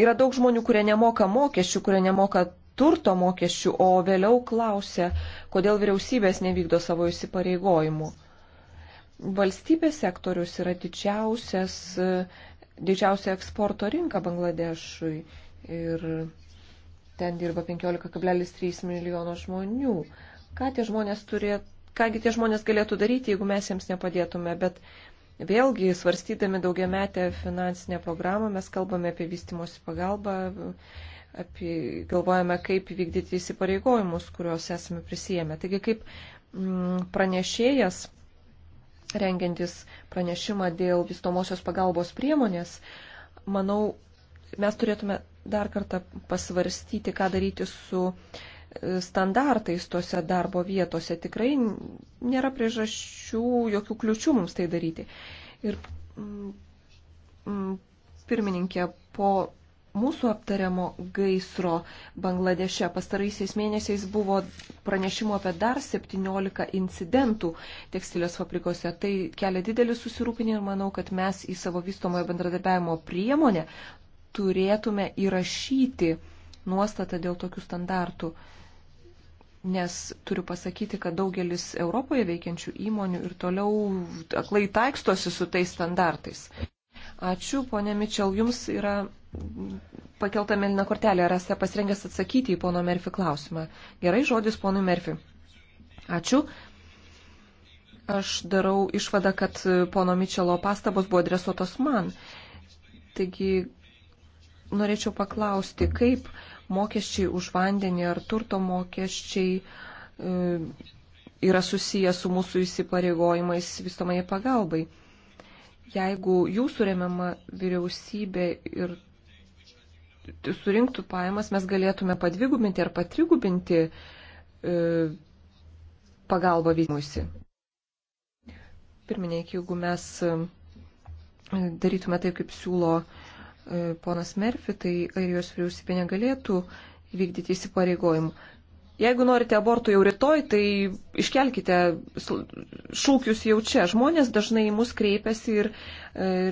Yra daug žmonių, kurie nemoka mokesčių, kurie nemoka turto mokesčių, o vėliau klausia, kodėl vyriausybės nevykdo savo įsipareigojimų. Valstybės sektorius yra didžiausias, didžiausia eksporto rinka Bangladešui ir ten dirba 15,3 milijono žmonių. Ką tie žmonės turėtų, kągi tie žmonės galėtų daryti, jeigu mes jiems nepadėtume, bet Vėlgi, svarstydami daugiametę finansinę programą, mes kalbame apie vystimosi pagalbą, apie, galvojame, kaip vykdyti įsipareigojimus, kuriuos esame prisijėmę. Taigi, kaip m, mm, pranešėjas, rengiantis pranešimą dėl vystomosios pagalbos priemonės, manau, mes turėtume dar kartą pasvarstyti, ką daryti su e, standartais tose darbo vietose. Tikrai nėra priežasčių, jokių kliučių mums tai daryti. Ir m, mm, m, mm, pirmininkė, po mūsų aptariamo gaisro Bangladeše pastaraisiais mėnesiais buvo pranešimų apie dar 17 incidentų tekstilės fabrikose. Tai kelia didelį susirūpinį ir manau, kad mes į savo vystomojo bendradarbiavimo priemonę turėtume įrašyti nuostatą dėl tokių standartų. Nes turiu pasakyti, kad daugelis Europoje veikiančių įmonių ir toliau aklai taikstosi su tais standartais. Ačiū, ponė Mičel, jums yra pakelta melina kortelė. Ar esate pasirengęs atsakyti į pono Merfi klausimą? Gerai, žodis ponui Merfi. Ačiū. Aš darau išvadą, kad pono Mičelo pastabos buvo adresuotos man. Taigi norėčiau paklausti, kaip mokesčiai už vandenį ar turto mokesčiai e, yra susiję su mūsų įsipareigojimais vystomai pagalbai jeigu jūsų remiama vyriausybė ir surinktų pajamas, mes galėtume padvigubinti ar patrigubinti e, pagalbą vystymuisi. Pirmininkai, jeigu mes e, darytume taip, kaip siūlo e, ponas Merfi, tai airijos vyriausybė negalėtų vykdyti įsipareigojimų. Jeigu norite abortų jau rytoj, tai iškelkite šūkius jau čia. Žmonės dažnai į mus kreipiasi ir e,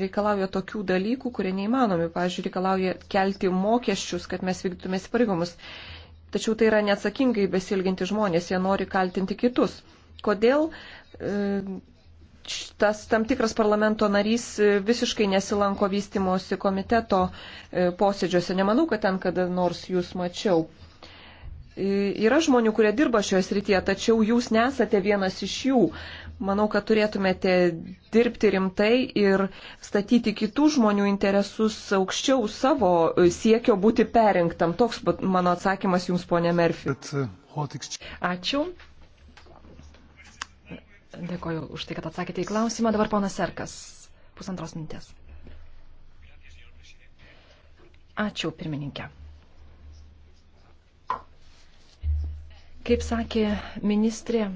reikalauja tokių dalykų, kurie neįmanomi. Pavyzdžiui, reikalauja kelti mokesčius, kad mes vykdytume įsipareigomus. Tačiau tai yra neatsakingai besilginti žmonės, jie nori kaltinti kitus. Kodėl e, tas tam tikras parlamento narys e, visiškai nesilanko vystimosi komiteto posėdžiuose? Nemanau, kad ten kada nors jūs mačiau. Yra žmonių, kurie dirba šioje srityje, tačiau jūs nesate vienas iš jų. Manau, kad turėtumėte dirbti rimtai ir statyti kitų žmonių interesus aukščiau savo siekio būti perinktam. Toks mano atsakymas jums, ponė Merfi. Uh, Ačiū. Dėkoju už tai, kad atsakėte į klausimą. Dabar ponas Serkas. Pusantros mintės. Ačiū, pirmininkė. Kaip sakė ministrė,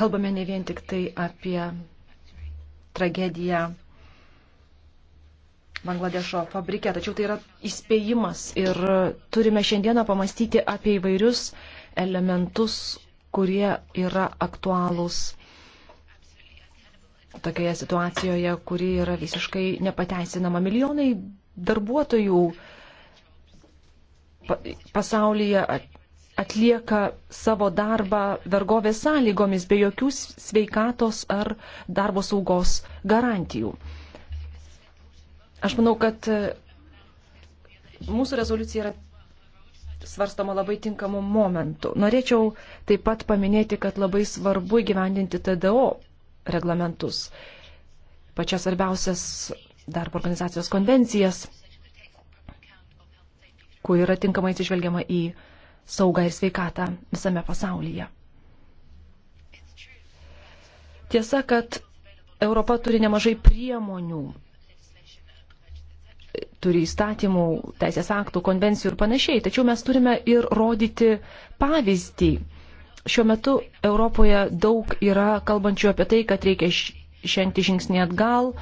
kalbame ne vien tik tai apie tragediją Bangladešo fabrike, tačiau tai yra įspėjimas ir turime šiandieną pamastyti apie įvairius elementus, kurie yra aktualūs tokioje situacijoje, kuri yra visiškai nepateisinama. Milijonai darbuotojų pasaulyje atlieka savo darbą vergovės sąlygomis be jokių sveikatos ar darbo saugos garantijų. Aš manau, kad e, mūsų rezoliucija yra svarstama labai tinkamu momentu. Norėčiau taip pat paminėti, kad labai svarbu įgyvendinti TDO reglamentus, pačias svarbiausias darbo organizacijos konvencijas, kur yra tinkamai atsižvelgiama į saugą ir sveikatą visame pasaulyje. Tiesa, kad Europa turi nemažai priemonių, turi įstatymų, teisės aktų, konvencijų ir panašiai, tačiau mes turime ir rodyti pavyzdį. Šiuo metu Europoje daug yra kalbančių apie tai, kad reikia žengti žingsnį atgal,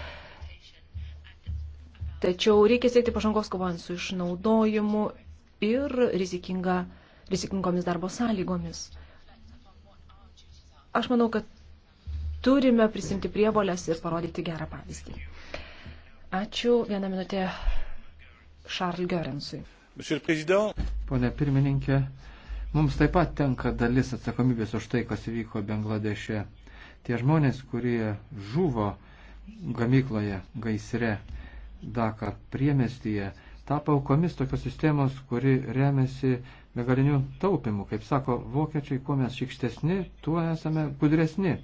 tačiau reikia siekti pažangos kovant su išnaudojimu ir rizikinga rizikingomis darbo sąlygomis. Aš manau, kad turime prisimti prievolės ir parodyti gerą pavyzdį. Ačiū. Vieną minutę Šarl Görensui. Pone pirmininkė, mums taip pat tenka dalis atsakomybės už tai, kas įvyko Bangladeše. Tie žmonės, kurie žuvo gamykloje gaisre Daka priemestyje, tapo aukomis tokios sistemos, kuri remiasi begaliniu taupimu. Kaip sako vokiečiai, kuo mes šikštesni, tuo esame gudresni.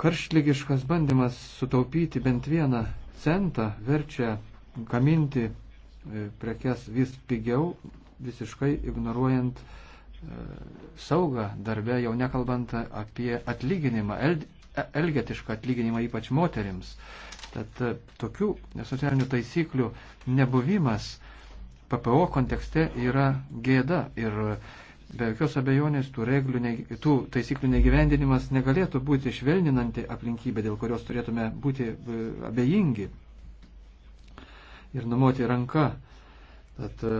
Karštlygiškas bandymas sutaupyti bent vieną centą verčia gaminti e, prekes vis pigiau, visiškai ignoruojant e, saugą darbę, jau nekalbant apie atlyginimą, e, elgetišką atlyginimą ypač moterims. Tad tokių socialinių taisyklių nebuvimas PPO kontekste yra gėda ir be jokios abejonės tų, ne, tų taisyklių negyvendinimas negalėtų būti švelninanti aplinkybė, dėl kurios turėtume būti e, abejingi ir numoti ranką. Tad e,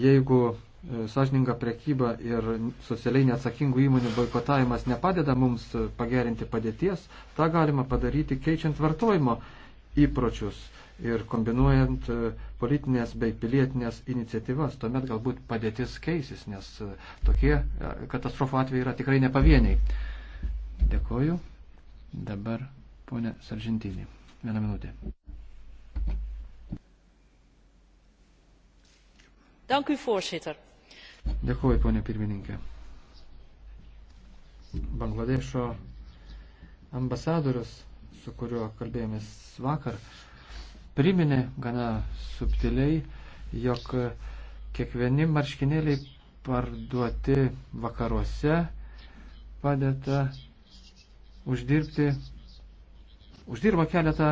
jeigu e, sąžininga prekyba ir socialiai neatsakingų įmonių boikotavimas nepadeda mums pagerinti padėties, tą galima padaryti keičiant vartojimo įpročius ir kombinuojant uh, politinės bei pilietinės iniciatyvas, tuomet galbūt padėtis keisis, nes e, tokie e, katastrofų atvejai yra tikrai nepavieniai. Dėkoju. Dabar ponė Saržintinė. Vieną minutę. Dank u, voorzitter. Dėkuoju, ponė pirmininkė. Bangladešo ambasadorius, su kuriuo kalbėjomės vakar, uh, priminė gana subtiliai, jog kiekvieni marškinėliai parduoti vakaruose padeda uždirbti, uždirba keletą,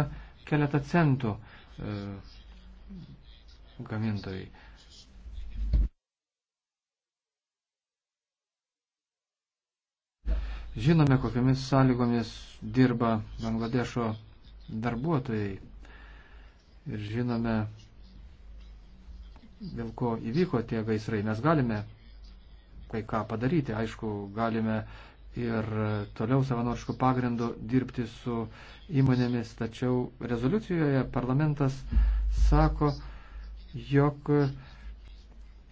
keletą centų e, gamintojai. Žinome, kokiamis sąlygomis dirba Bangladešo darbuotojai ir žinome, dėl ko įvyko tie gaisrai. Mes galime kai ką padaryti, aišku, galime ir toliau savanoriškų pagrindų dirbti su įmonėmis, tačiau rezoliucijoje parlamentas sako, jog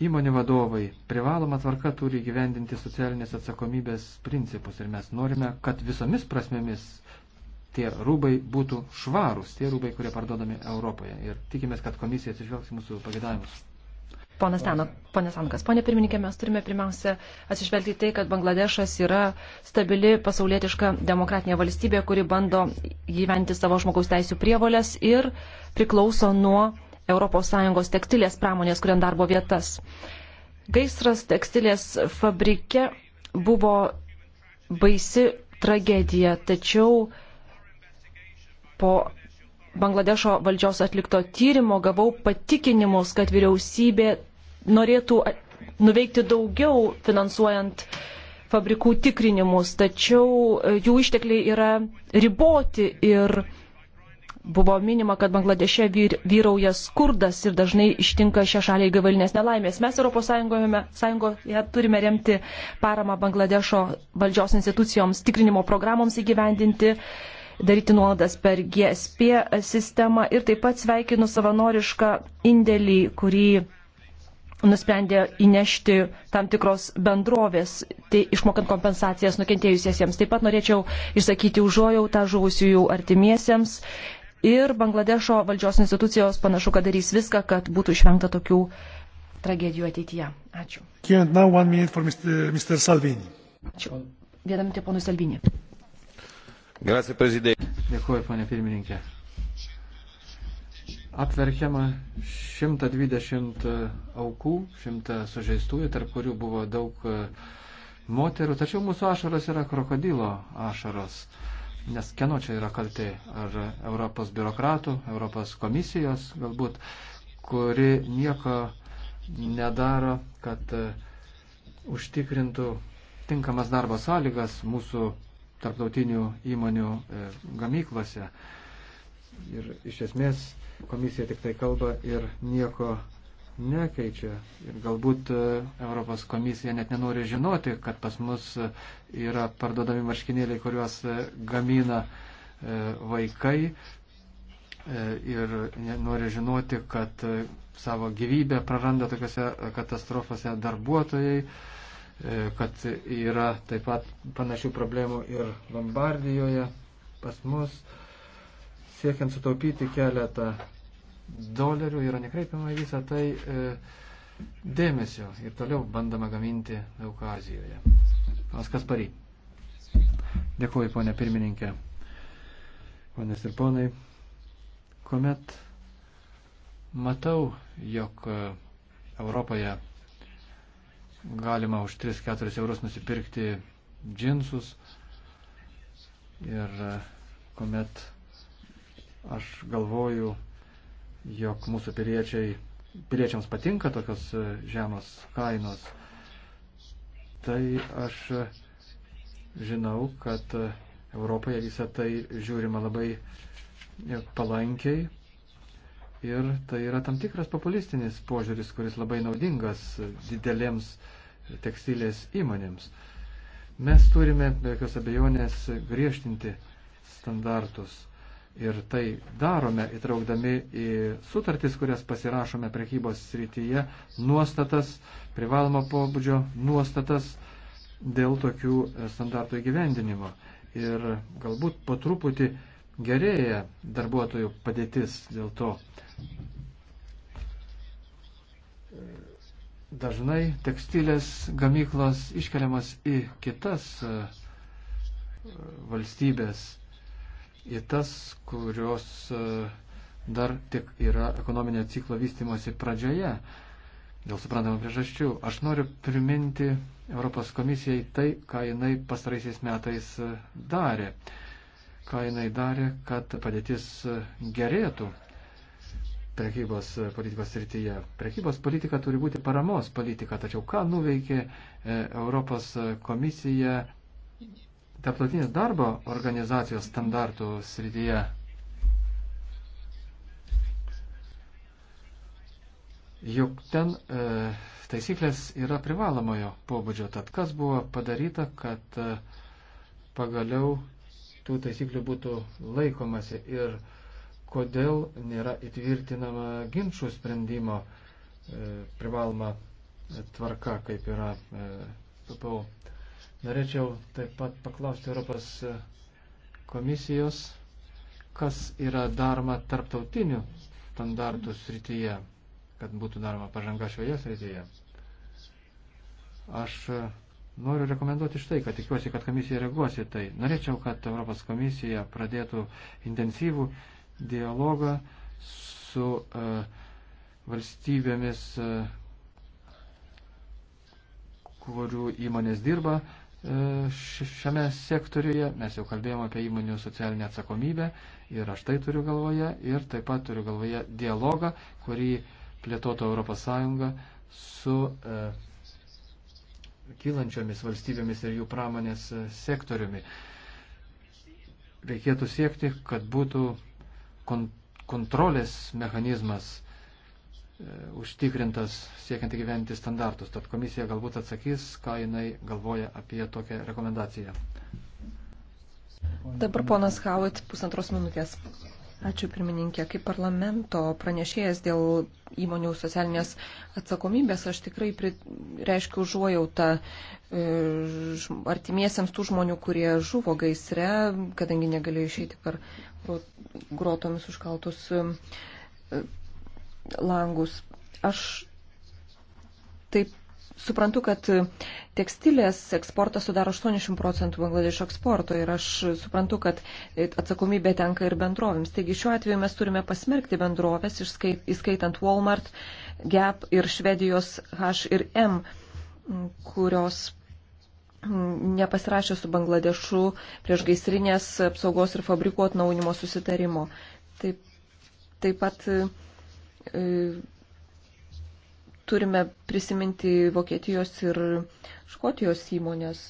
įmonių vadovai privaloma tvarka turi gyvendinti socialinės atsakomybės principus ir mes norime, kad visomis prasmėmis tie rūbai būtų švarūs, tie rūbai, kurie parduodami Europoje. Ir tikimės, kad komisija atsižvelgs mūsų pagėdavimus. Ponas Tano, ponas Ankas, ponė pirmininkė, mes turime pirmiausia atsižvelgti į tai, kad Bangladešas yra stabili pasaulietiška demokratinė valstybė, kuri bando gyventi savo žmogaus teisų prievolės ir priklauso nuo ES tekstilės pramonės, kuriant darbo vietas. Gaisras tekstilės fabrike buvo baisi tragedija, tačiau po Bangladešo valdžios atlikto tyrimo gavau patikinimus, kad vyriausybė norėtų nuveikti daugiau finansuojant fabrikų tikrinimus, tačiau e, jų ištekliai yra riboti ir buvo minima, kad Bangladeše vyr, vyrauja skurdas ir dažnai ištinka šią šalį įgavalinės nelaimės. Mes ES sąjungoje turime remti paramą Bangladešo valdžios institucijoms tikrinimo programoms įgyvendinti, daryti nuolaidas per GSP sistemą ir taip pat sveikinu savanorišką indėlį, kurį nusprendė įnešti tam tikros bendrovės, tai išmokant kompensacijas nukentėjusiesiems. Taip pat norėčiau išsakyti užuojautą žuvusiųjų artimiesiems ir Bangladešo valdžios institucijos panašu, kad darys viską, kad būtų išvengta tokių tragedijų ateityje. Ačiū. Ačiū. Vieną minutę ponui Salvini. Grazie, prezidentė. Dėkuoju, ponė pirmininkė. Apverkiama 120 aukų, 100 sužeistųjų, tarp kurių buvo daug e, moterų, tačiau mūsų ašaros yra krokodilo ašaros. Nes kieno čia yra kaltė? Ar Europos biurokratų, Europos komisijos galbūt, kuri nieko nedaro, kad e, užtikrintų tinkamas darbo sąlygas mūsų tarptautinių įmonių e, gamyklose. Ir iš esmės komisija tik tai kalba ir nieko nekeičia. Ir galbūt e, Europos komisija net nenori žinoti, kad pas mus e, yra parduodami marškinėliai, kuriuos gamina vaikai. Ir nori žinoti, kad savo gyvybę praranda tokiuose katastrofose darbuotojai. E, kad yra taip pat panašių problemų ir Lombardijoje pas mus. Siekiant sutaupyti keletą dolerių yra nekreipiama į visą tai e, dėmesio ir toliau bandama gaminti Eukazijoje. Pas Kaspary. Dėkuoju, ponė pirmininkė. Ponės ir ponai, kuomet matau, jog e, Europoje galima už 3-4 eurus nusipirkti džinsus. Ir e, kuomet aš galvoju, jog mūsų piriečiai, piriečiams patinka tokios e, žemos kainos, tai aš e, žinau, kad Europoje visą tai žiūrima labai palankiai Ir tai yra tam tikras populistinis požiūris, kuris labai naudingas didelėms tekstilės įmonėms. Mes turime, be jokios abejonės, griežtinti standartus. Ir tai darome įtraukdami į sutartis, kurias pasirašome prekybos srityje, nuostatas, privalomo pobūdžio nuostatas dėl tokių standartų įgyvendinimo. Ir galbūt po truputį gerėja darbuotojų padėtis dėl to. Dažnai tekstilės gamyklos iškeliamas į kitas e, valstybės, į tas, kurios e, dar tik yra ekonominio ciklo vystimosi pradžioje. Dėl suprantamų priežasčių aš noriu priminti Europos komisijai tai, ką jinai pastaraisiais metais e, darė ką jinai darė, kad padėtis gerėtų prekybos politikos srityje. Prekybos politika turi būti paramos politika, tačiau ką nuveikė e, Europos komisija tarptautinės darbo organizacijos standartų srityje? Juk ten e, taisyklės yra privalomojo pobūdžio, tad kas buvo padaryta, kad e, pagaliau tų taisyklių būtų laikomasi ir kodėl nėra įtvirtinama ginčių sprendimo e, privaloma tvarka, kaip yra e, PPO. Norėčiau taip pat paklausti Europos e, komisijos, kas yra daroma tarptautinių standartų srityje, kad būtų daroma pažanga šioje srityje. Aš e, Noriu rekomenduoti štai, kad tikiuosi, kad komisija reaguos į tai. Norėčiau, kad Europos komisija pradėtų intensyvų dialogą su uh, valstybėmis, uh, kurių įmonės dirba uh, šiame sektoriuje. Mes jau kalbėjome apie įmonių socialinę atsakomybę ir aš tai turiu galvoje ir taip pat turiu galvoje dialogą, kurį plėtoto Europos Sąjunga su. Uh, kylančiomis valstybėmis ir jų pramonės e, sektoriumi. Reikėtų siekti, kad būtų kontrolės mechanizmas e, užtikrintas siekiant įgyventi standartus. Tad komisija galbūt atsakys, ką jinai galvoja apie tokią rekomendaciją. Dabar ponas Howitt pusantros minutės. Ačiū pirmininkė. Kaip parlamento pranešėjas dėl įmonių socialinės atsakomybės, aš tikrai reiškiu užuojautą e, artimiesiams tų žmonių, kurie žuvo gaisre, kadangi negalėjo išeiti per grotomis užkaltus e, langus. Aš taip suprantu, kad tekstilės eksportas sudaro 80 procentų Bangladešo eksporto ir aš suprantu, kad atsakomybė tenka ir bendrovėms. Taigi šiuo atveju mes turime pasmerkti bendrovės, įskaitant Walmart, Gap ir Švedijos H ir M, kurios nepasirašė su Bangladešu prieš gaisrinės apsaugos ir fabrikų atnaunimo susitarimo. Taip, taip pat e, turime prisiminti Vokietijos ir Škotijos įmonės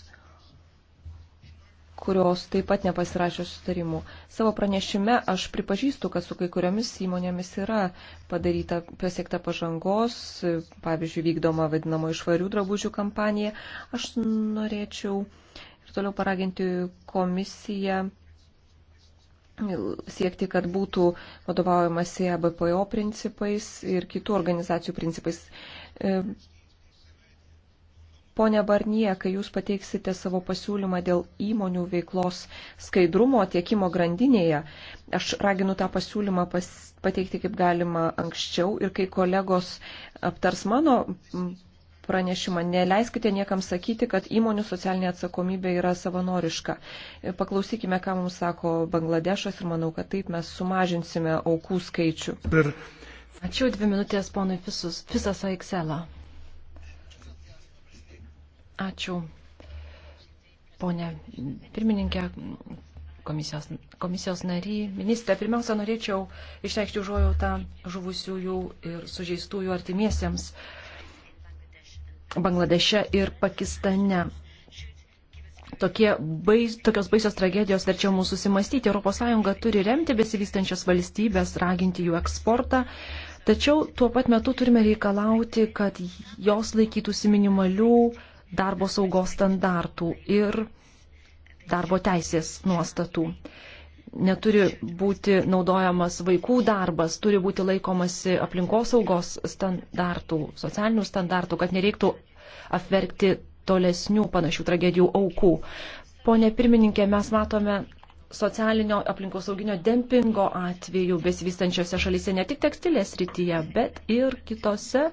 kurios taip pat nepasirašė sutarimų. Savo pranešime aš pripažįstu, kad su kai kuriomis įmonėmis yra padaryta pasiekta pažangos, pavyzdžiui, vykdoma vadinamo išvarių drabužių kampanija. Aš norėčiau ir toliau paraginti komisiją siekti, kad būtų vadovaujamasi ABPO principais ir kitų organizacijų principais. E, Pone Barnie, kai jūs pateiksite savo pasiūlymą dėl įmonių veiklos skaidrumo tiekimo grandinėje, aš raginu tą pasiūlymą pas, pateikti kaip galima anksčiau ir kai kolegos aptars mano pranešimą. Neleiskite niekam sakyti, kad įmonių socialinė atsakomybė yra savanoriška. Paklausykime, ką mums sako Bangladešas ir manau, kad taip mes sumažinsime aukų skaičių. Ir... Ačiū dvi minutės ponui Fisus, Fisas Aikselą. Ačiū, ponė pirmininkė, komisijos, komisijos nary, ministrė. Pirmiausia, norėčiau išreikšti užuojautą žuvusiųjų ir sužeistųjų artimiesiems. Uh, Bangladeše ir Pakistane. Tokie bais, tokios baisios tragedijos verčia mūsų susimastyti. ES turi remti besivystančias valstybės, raginti jų eksportą, tačiau tuo pat metu turime reikalauti, kad jos laikytųsi minimalių darbo saugos standartų ir darbo teisės nuostatų neturi būti naudojamas vaikų darbas, turi būti laikomasi aplinkosaugos standartų, socialinių standartų, kad nereiktų apverkti tolesnių panašių tragedijų aukų. Pone pirmininkė, mes matome socialinio aplinkosauginio dempingo atveju besivystančiose šalyse ne tik tekstilės rytyje, bet ir kitose,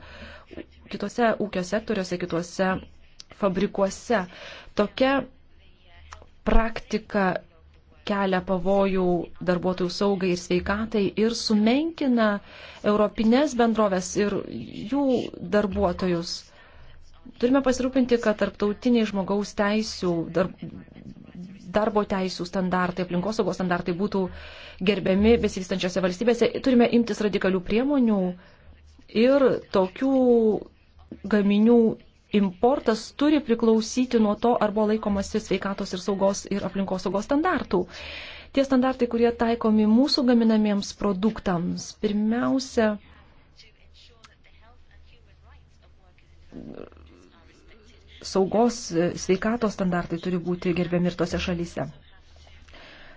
kitose ūkio sektoriuose, kitose fabrikuose. Tokia praktika kelia pavojų darbuotojų saugai ir sveikatai ir sumenkina europinės bendrovės ir jų darbuotojus. Turime pasirūpinti, kad tarptautiniai žmogaus teisų, dar, darbo teisų standartai, aplinkosaugos standartai būtų gerbiami besivystančiose valstybėse. Turime imtis radikalių priemonių ir tokių gaminių importas turi priklausyti nuo to, ar buvo laikomasi sveikatos ir saugos ir aplinkos saugos standartų. Tie standartai, kurie taikomi mūsų gaminamiems produktams, pirmiausia, saugos sveikatos standartai turi būti gerbiami ir tose šalyse.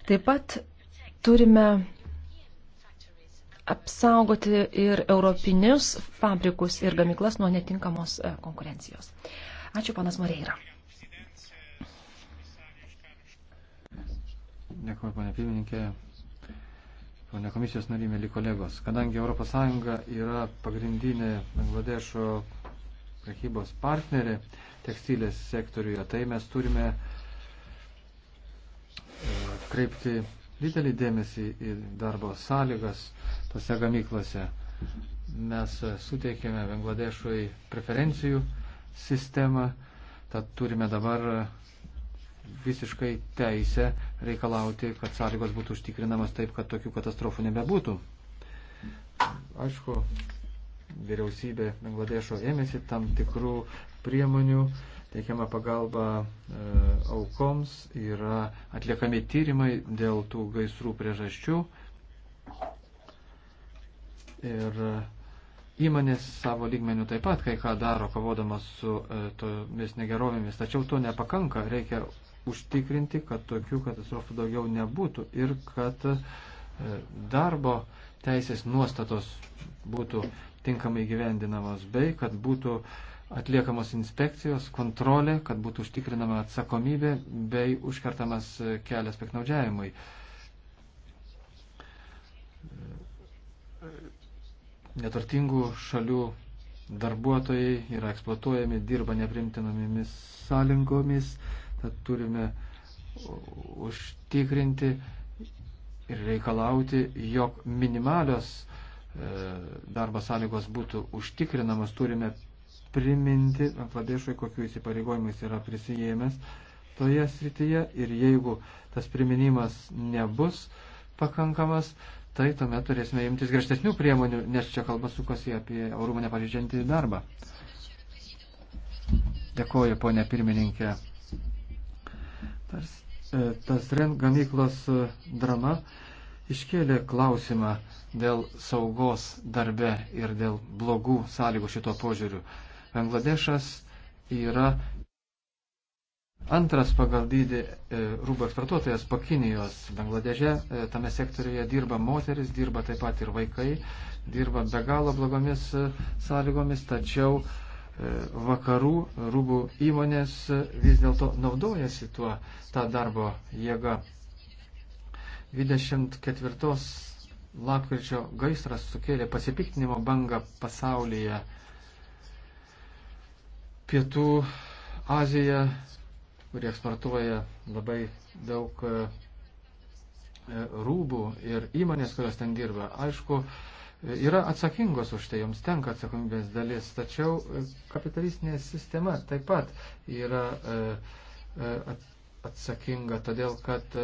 Taip pat turime apsaugoti ir europinius fabrikus ir gamyklas nuo netinkamos e, konkurencijos. Ačiū, panas Moreira. Dėkuoju, ponė pirmininkė, ponė komisijos nariai, mėly kolegos. Kadangi ES yra pagrindinė Bangladešo prekybos partnerė tekstilės sektoriuje, tai mes turime e, kreipti didelį dėmesį į darbo sąlygas tose gamyklose. Mes e, suteikėme Bangladešui preferencijų sistemą, tad turime dabar e, visiškai teisę reikalauti, kad sąlygos būtų užtikrinamas taip, kad tokių katastrofų nebebūtų. Aišku, vyriausybė Bangladešo ėmėsi tam tikrų priemonių, teikiama pagalba e, aukoms, yra atliekami tyrimai dėl tų gaisrų priežasčių. Ir e, įmonės savo lygmenių taip pat kai ką daro, kovodamas su e, tomis negerovėmis, tačiau to nepakanka. Reikia užtikrinti, kad tokių katastrofų daugiau nebūtų ir kad darbo teisės nuostatos būtų tinkamai gyvendinamos bei kad būtų uh, atliekamos inspekcijos, kontrolė, kad būtų užtikrinama atsakomybė bei užkertamas kelias piknaudžiavimui. Neturtingų šalių darbuotojai yra eksploatuojami, dirba neprimtinomis sąlygomis, tad turime užtikrinti ir reikalauti, jog minimalios e, darbo sąlygos būtų užtikrinamos, turime priminti Bangladešui, kokiu įsipareigojimais yra prisijėmęs toje srityje ir jeigu tas priminimas nebus pakankamas, tai tuomet turėsime imtis griežtesnių priemonių, nes čia kalba sukosi apie orumą nepažydžiantį darbą. Dėkoju, ponė pirmininkė. Tas, e, tas REN gamyklos e, drama iškėlė klausimą dėl saugos darbe ir dėl blogų sąlygų šito požiūriu. Bangladešas yra antras pagal dydį e, rūbo eksportuotojas po Kinijos. Bangladeže e, tame sektoriuje dirba moteris, dirba taip pat ir vaikai, dirba be galo blogomis e, sąlygomis, tačiau vakarų rūbų įmonės vis dėlto naudojasi tuo tą darbo jėgą. 24 lapkričio gaisras sukėlė pasipiktinimo bangą pasaulyje. Pietų Azija, kurie eksportuoja labai daug e, e, rūbų ir įmonės, kurios ten dirba, aišku, e, yra atsakingos už tai, joms tenka atsakomybės dalis, tačiau kapitalistinė sistema taip pat yra atsakinga, todėl kad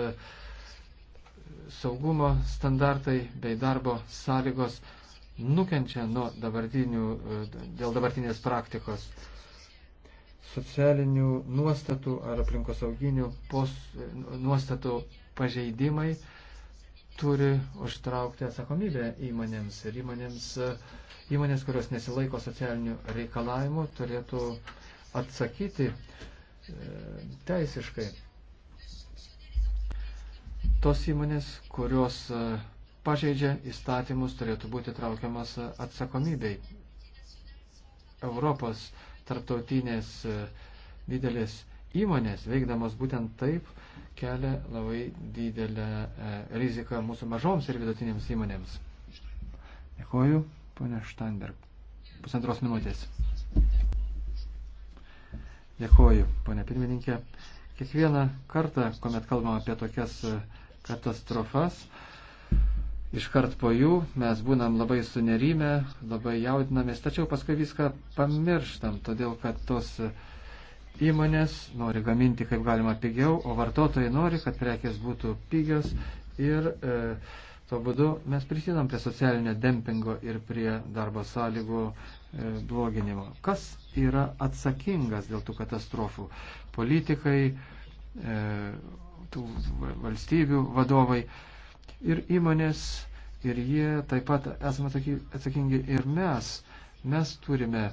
saugumo standartai bei darbo sąlygos nukenčia nuo dabartinių, dėl dabartinės praktikos socialinių nuostatų ar aplinkosauginių nuostatų pažeidimai turi užtraukti atsakomybę įmonėms ir įmonėms, įmonės, kurios nesilaiko socialinių reikalavimų, turėtų atsakyti e, teisiškai. Tos įmonės, kurios e, pažeidžia įstatymus, turėtų būti traukiamas atsakomybei. Europos tarptautinės e, didelės įmonės, veikdamos būtent taip, kelia labai didelę e, riziką mūsų mažoms ir vidutinėms įmonėms. Dėkoju, ponė Štanberg. Pusantros minutės. Dėkoju, ponė pirmininkė. Kiekvieną kartą, kuomet kalbam apie tokias e, katastrofas, uh, iškart po jų, mes būnam labai sunerime, labai jaudinamės, tačiau paskui viską pamirštam, todėl kad tos įmonės nori gaminti kaip galima pigiau, o vartotojai nori, kad prekės būtų pigios ir e, to būdu mes prisidam prie socialinio dempingo ir prie darbo sąlygų e, bloginimo. Kas yra atsakingas dėl tų katastrofų? Politikai, e, tų valstybių vadovai. E, ir įmonės, ir jie taip pat esame atsakingi ir mes. Mes turime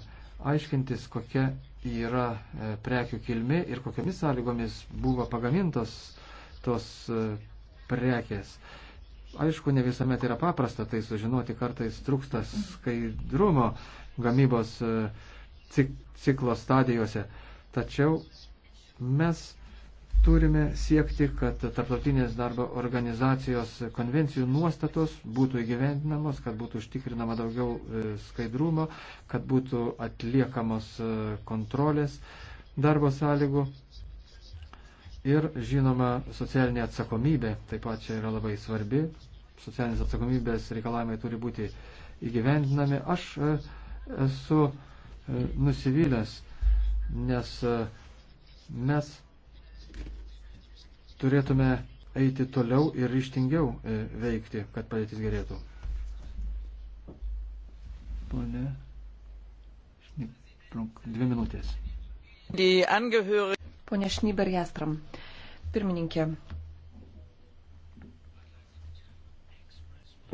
aiškintis, kokia yra e, prekių kilmė ir kokiamis sąlygomis buvo pagamintos tos e, prekės. Aišku, ne visuomet yra paprasta tai sužinoti, kartais trūksta skaidrumo gamybos e, ciklo stadijose. Tačiau mes turime siekti, kad tarptautinės darbo organizacijos konvencijų nuostatos būtų įgyvendinamos, kad būtų užtikrinama daugiau e, skaidrumo, kad būtų atliekamos e, kontrolės darbo sąlygų. Ir žinoma, socialinė atsakomybė taip pat čia yra labai svarbi. Socialinės atsakomybės reikalavimai turi būti įgyvendinami. Aš e, esu nusivylęs, nes mes turėtume eiti toliau ir ryštingiau e, veikti, kad padėtis gerėtų. Pone. Dvi minutės. Pone Šnyber Jastram, pirmininkė,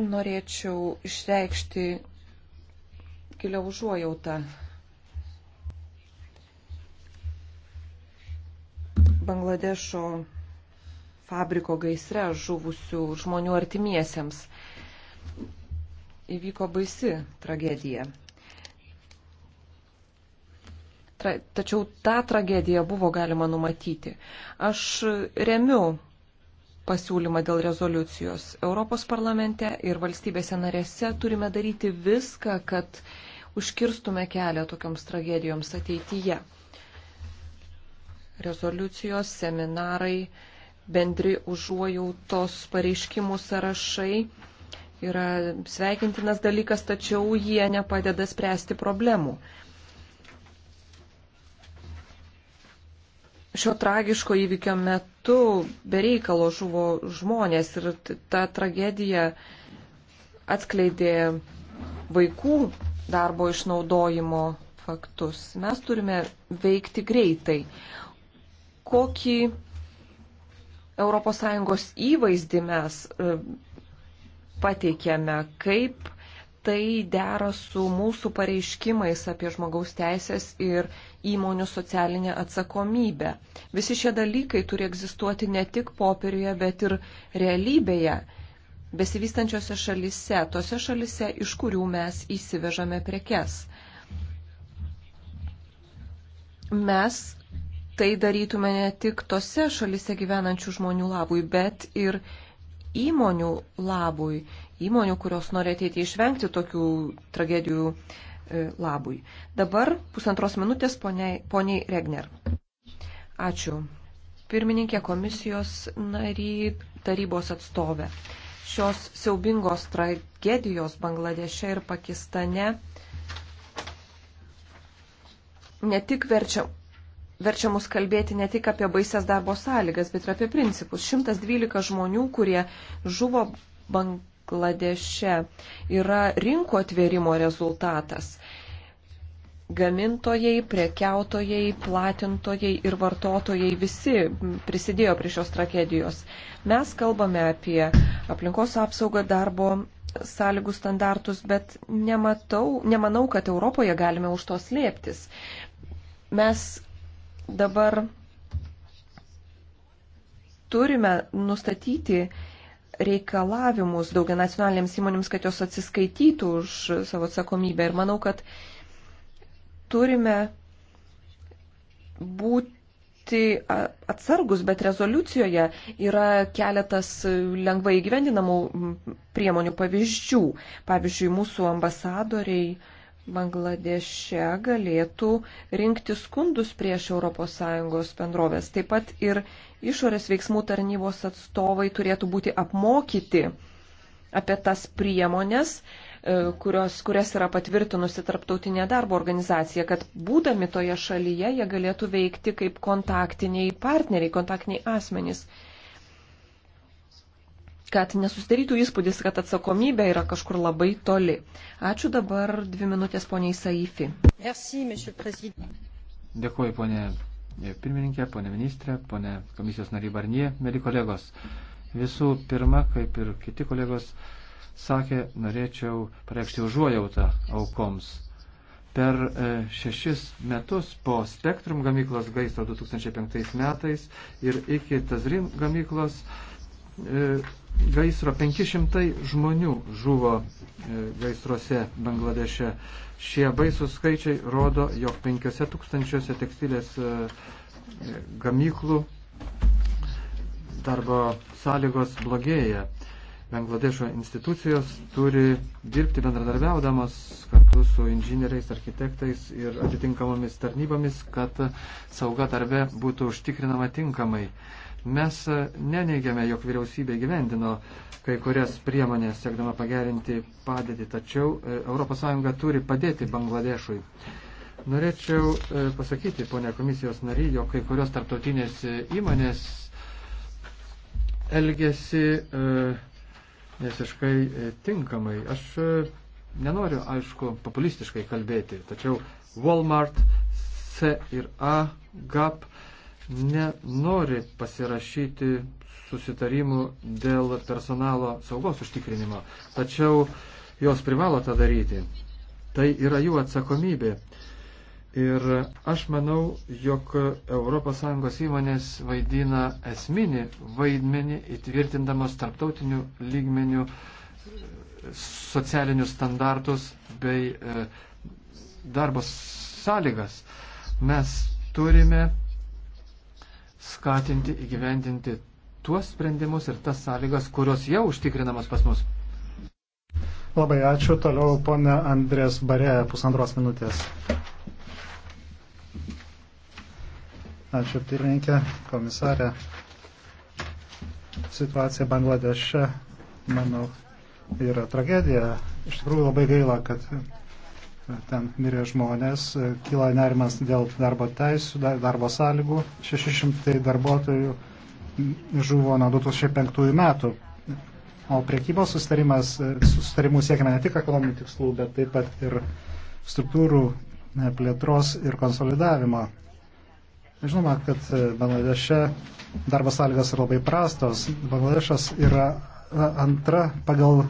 norėčiau išreikšti giliau užuojautą Bangladešo fabriko gaisre žuvusių žmonių artimiesiems. Įvyko baisi tragedija. Tra, tačiau tą tragediją buvo galima numatyti. Aš remiu pasiūlymą dėl rezoliucijos. Europos parlamente ir valstybėse narėse turime daryti viską, kad užkirstume kelią tokioms tragedijoms ateityje. Rezoliucijos, seminarai, bendri užuojautos pareiškimų sąrašai yra sveikintinas dalykas, tačiau jie nepadeda spręsti problemų. Šio tragiško įvykio metu bereikalo žuvo žmonės ir ta tragedija atskleidė vaikų darbo išnaudojimo faktus. Mes turime veikti greitai. Kokį ES įvaizdį mes e, pateikėme, kaip tai dera su mūsų pareiškimais apie žmogaus teisės ir įmonių socialinę atsakomybę. Visi šie dalykai turi egzistuoti ne tik popieriuje, bet ir realybėje, besivystančiose šalise, tose šalise, iš kurių mes įsivežame prekes. Mes tai darytume ne tik tose šalise gyvenančių žmonių labui, bet ir įmonių labui, įmonių, kurios nori ateiti išvengti tokių tragedijų e, labui. Dabar pusantros minutės poniai, poniai Regner. Ačiū. Pirmininkė komisijos nary tarybos atstovė. Šios siaubingos tragedijos Bangladeše ir Pakistane ne tik verčia verčia mus kalbėti ne tik apie baises darbo sąlygas, bet ir apie principus. 112 žmonių, kurie žuvo Bangladeše, yra rinko atvėrimo rezultatas. Gamintojai, prekiautojai, platintojai ir vartotojai visi prisidėjo prie šios tragedijos. Mes kalbame apie aplinkos apsaugą darbo sąlygų standartus, bet nematau, nemanau, kad Europoje galime už to slėptis. Mes dabar turime nustatyti reikalavimus daugia nacionalinėms įmonėms, kad jos atsiskaitytų už savo atsakomybę. Ir manau, kad turime būti atsargus, bet rezoliucijoje yra keletas lengvai įgyvendinamų priemonių pavyzdžių. Pavyzdžiui, mūsų ambasadoriai Bangladeše galėtų rinkti skundus prieš ES bendrovės. Taip pat ir išorės veiksmų tarnybos atstovai turėtų būti apmokyti apie tas priemonės, e, kurios, kurias yra patvirtinusi Tarptautinė darbo organizacija, kad būdami toje šalyje jie galėtų veikti kaip kontaktiniai partneriai, kontaktiniai asmenys kad nesusidarytų įspūdis, kad atsakomybė yra kažkur labai toli. Ačiū dabar dvi minutės poniai Saifi. Dėkuoju, ponė e, pirmininkė, ponė ministrė, ponė komisijos nariai Barnie, mėly kolegos. Visų pirma, kaip ir kiti kolegos sakė, norėčiau pareikšti užuojautą aukoms. Per e, šešis metus po Spektrum gamyklos gaisro 2005 metais ir iki Tazrin gamyklos E, gaisro 500 žmonių žuvo e, gaisruose Bangladeše. Šie baisūs skaičiai rodo, jog 5000 tekstilės e, gamyklų darbo sąlygos blogėja. Bangladešo institucijos turi dirbti bendradarbiaudamas kartu su inžinieriais, architektais ir atitinkamomis tarnybomis, kad sauga darbe būtų užtikrinama tinkamai. Mes neneigiame, jog vyriausybė gyvendino kai kurias priemonės, siekdama pagerinti padėtį, tačiau ES turi padėti Bangladešui. Norėčiau e, pasakyti, ponia komisijos nariai, jog kai kurios tarptautinės įmonės elgesi. E, visiškai e, tinkamai. Aš e, nenoriu, aišku, populistiškai kalbėti, tačiau Walmart, C ir A, GAP nenori pasirašyti susitarimų dėl personalo saugos užtikrinimo, tačiau jos privalo tą daryti. Tai yra jų atsakomybė. Ir aš manau, jog ES įmonės vaidina esminį vaidmenį įtvirtindamos tarptautinių lygmenių e, socialinius standartus bei e, darbo sąlygas. Mes turime skatinti įgyvendinti tuos sprendimus ir tas sąlygas, kurios jau užtikrinamos pas mus. Labai ačiū. Toliau ponia Andrės Barė, pusantros minutės. Ačiū pirmininkė, komisarė. Situacija Bangladeše, manau, yra tragedija. Iš tikrųjų labai gaila, kad ten mirė žmonės, kyla nerimas dėl darbo teisų, darbo sąlygų. 600 darbuotojų žuvo nuo 2005 metų. O priekybos sustarimas, sustarimų siekime ne tik ekonominių tikslų, bet taip pat ir struktūrų plėtros ir konsolidavimo. Žinoma, kad e, Bangladeše darbo sąlygos yra labai prastos. Bangladešas yra antra pagal